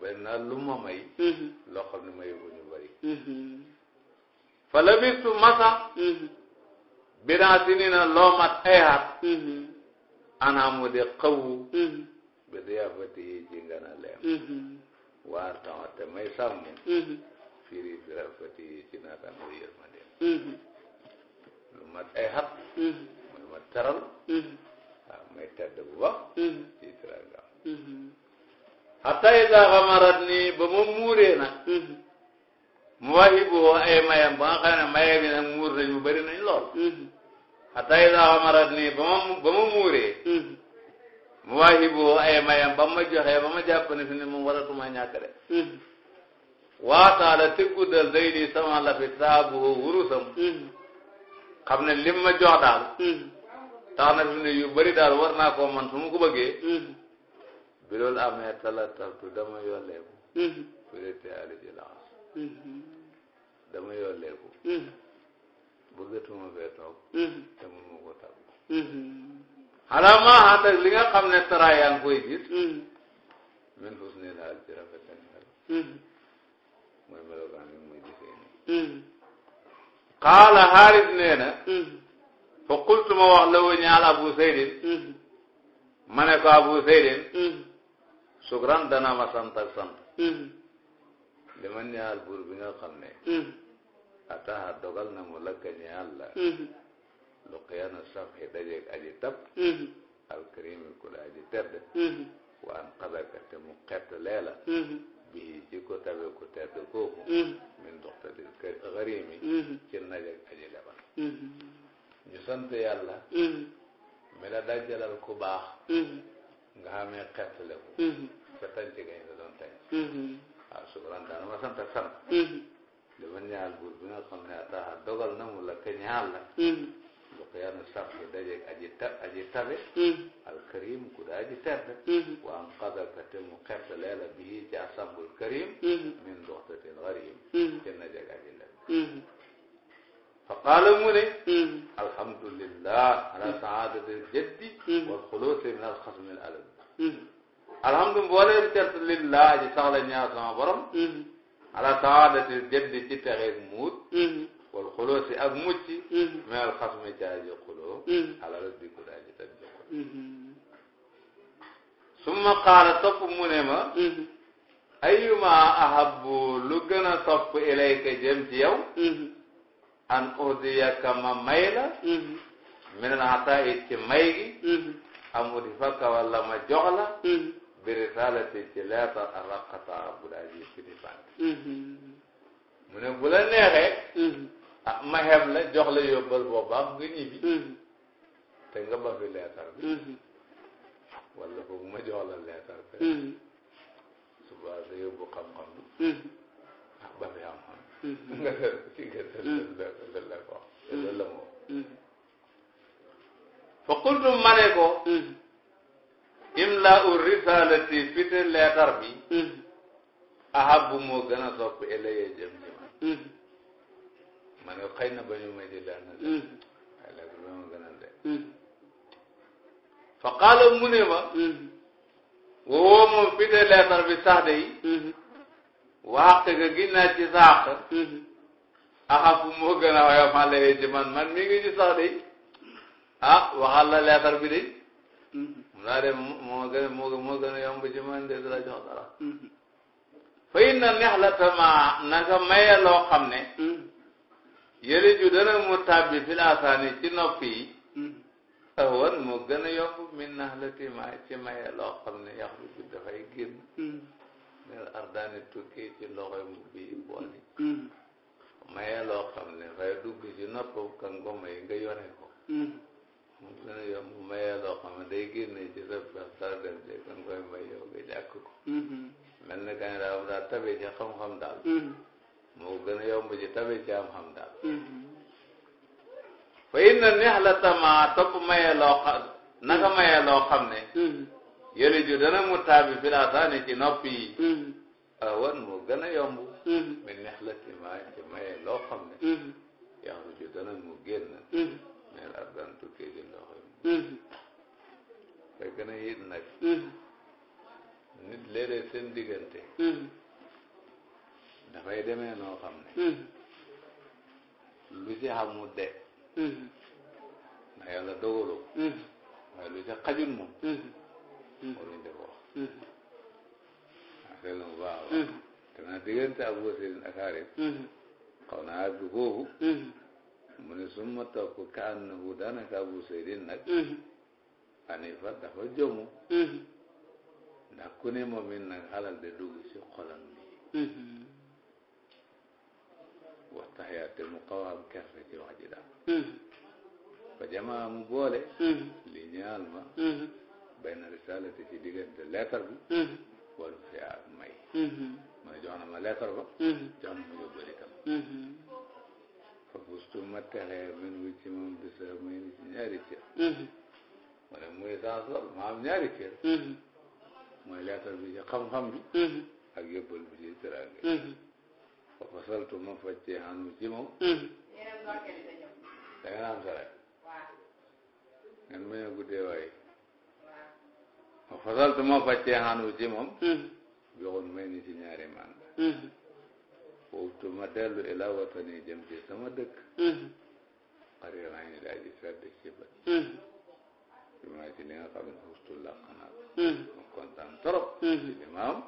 benn naa lu ma may loo ne may bu ñu bëri fa labistu masax binaa si ni na loo mat ay at anaamu de xawu bi diyaafati yi ci ngana leem waar taxaw te may sàmm. Mm-hmm. firi bi rafet yi ci naataan muy yërmande. Mm-hmm. lu mat ay xat. muy mm-hmm. ma taral. waaw ah, may tedd bu baax. ci teraangaam. xataa yi daa xamarat ni ba ma muuree nag. mu waxi ay mayam ba nga xam ne mayam yi nag muur nañu bëri nañ lool. xataa yi daa xamarat ni ba ma ba mawaahibu ay mayam ba ma joxe ba ma jàpp ne fi ne moom waratuma ñàkk de hmm. waataala te guddal day nii sama lafi saabu wurusam hmm. xam ne lim ma jox daal hmm. tax na fi ne yu bari daal war naa koo man su ma ko bëggee bi loolu amee talataltu dama yolleeku bu dee te ali ji laxas dama yolleeku bëggatuma fee toog te mënuma ko tàggu alama ànd ak li nga xam ne tara yaa ngi koy min husni laal ci rafet ak xel hmm. mooy melokaan bi muy gisee nii hmm. qaala xaaris nee na hmm. fa qultu ma wax la wu ñaal abu seydin ma ne ko abu seydin sukran dana ma sant ak li ma ñaal buur bi nga xam ne ataha dogal na mu lakka ñaal la luqiyaana safhi dajeeg aji tab mm-hmm. alkarimi ku la aji tedd mm-hmm. waan xadaka te mu xett leela mm-hmm. bii ci ko tabe ku tedd kooku min doxtalil xarimi ci najeg aji lebal ñu sant yàlla mi la ku baax nga xamee xett leku sa tànc gañ la doon tànc waaw subran daal ma sant ak sant dama ñaal buur bi nga xam ne ataxa dogal na mu la ka la bu xiyaanu saf bu dajeeg aji ta aji tabe alkarim ku da aji tedd wa an qadaka te mu xett leela bii ci asambul karim min mm. doxtatin garim te mm. na jeg aji lem mm. fa qaala mu ne alhamdulillah ala saadati jaddi wal xuluusi min alxasmi al alam alhamdu mbooleem cert lillah ji sax la ñaar sama borom ala saadati jaddi ci texeeg muut xuloo si ak mucc mm-hmm. mais al xas mi caaji xuloo mm-hmm. alal di ko daaji tan joxol summa qaala topp mu ne ma mm-hmm. ayuma ahabu lu gën a topp ilayka jëm ci yow an udiyaka ma may la mi nen xataa it ci may gi am udifaka walla ma jox la bi risalati ci leetar a raqataa bu daaji fi di fànn mu ne bu la neexee ah ma xem la jox la yóbbal boo nga ñibbi mm-hmm. te nga ba fi leetar bi mm-hmm. wala boobu ma jox la leetar bi mm-hmm. suba sa yóbbu xam-xam ah ba fi xam-xam nga def ci nga def loolu la ko loolu moo gën a sopp eleye jëm ci man man nga xëy na ba ñu may di leen de waaye lekk bi mu ne ma hmm. woo moom fi de leetar bi sax de yi hmm. waxte ga gis naa ci saaq hmm. axafu moo gën a woyof alayhi ci man man mi ngi ci sax de ah waxal la leetar bi de mu daa de moo gën moo moo gën a yomb ci man de dara jox dara fa inna neex la tama naka maye loo xam ne yële ju dana mu tàbbi fil asaani ci nopp yi hmm. awan mu gën a yomb min nax la tima ci maye loo xam ne yax lu ju dafay génn hmm. nel ardaani tukkee ci loxoy mu bii booli hmm. maye loo xam ne fay dugg ci nopp ka ngoma yi nga yore ko mu gën a yomb maye loo xam ne day génne ci sa fex ci ka ngoy may yow nga jàkk ko mel na kañ daa daa tabe ci xam-xam daal moo gën a yomb ji tabe ci am xam mm-hmm. fa inna neex la tama topp maye loo xam naka loo xam ne mm-hmm. yële ju dana mu taabi filaataani ci noppi mm-hmm. awan ah, moo gën a yomb min neex la tima ci maye loo xam ne yaxu ju dana mu génn mel ardan tukkee ji loxo yi fekk na it nag nit léeg-léeg seen diggante dafay demee noo xam ne hmm. lu ci xamul de hmm. ndax yàlla dogaloo hmm. waaye lu ci xajul moom ko wax affaire la mu baax wax ci xolam bi waxtaxyaa te mu xaw a am kersa ci wax ji daal fa jamaa mu boole li ñaal ma bay na risalati ci diggante leetar bi wala fi ak may mu ne jox na ma leetar ba jox na ma yóbbal itam fa bustu ma texee min wu ci moom di sa may ni ci ñaari cër mu ne muy saa sol ma am ñaari cër mooy leetar bi ci xam-xam bi ak yóbbal bi ci teraange fa fasaltu ma facce xanu ci moom da nga naan saret ngeen waaye fa fasaltu ma facce xanu ci moom joxoon may ni ci ñaari mandat foofu ma dellu ila watani jëm ci sama dëkk xari naa ñu daal di sedd ci bët ci li nga xam ne xustu làq ma kontaan trop ma am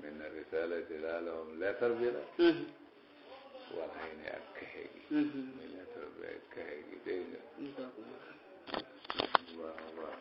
min risalati laa lahum leetar bi la wal ay ni ak kaxe gi muy leetar bi ak kaxe gi dégg nga waaw waaw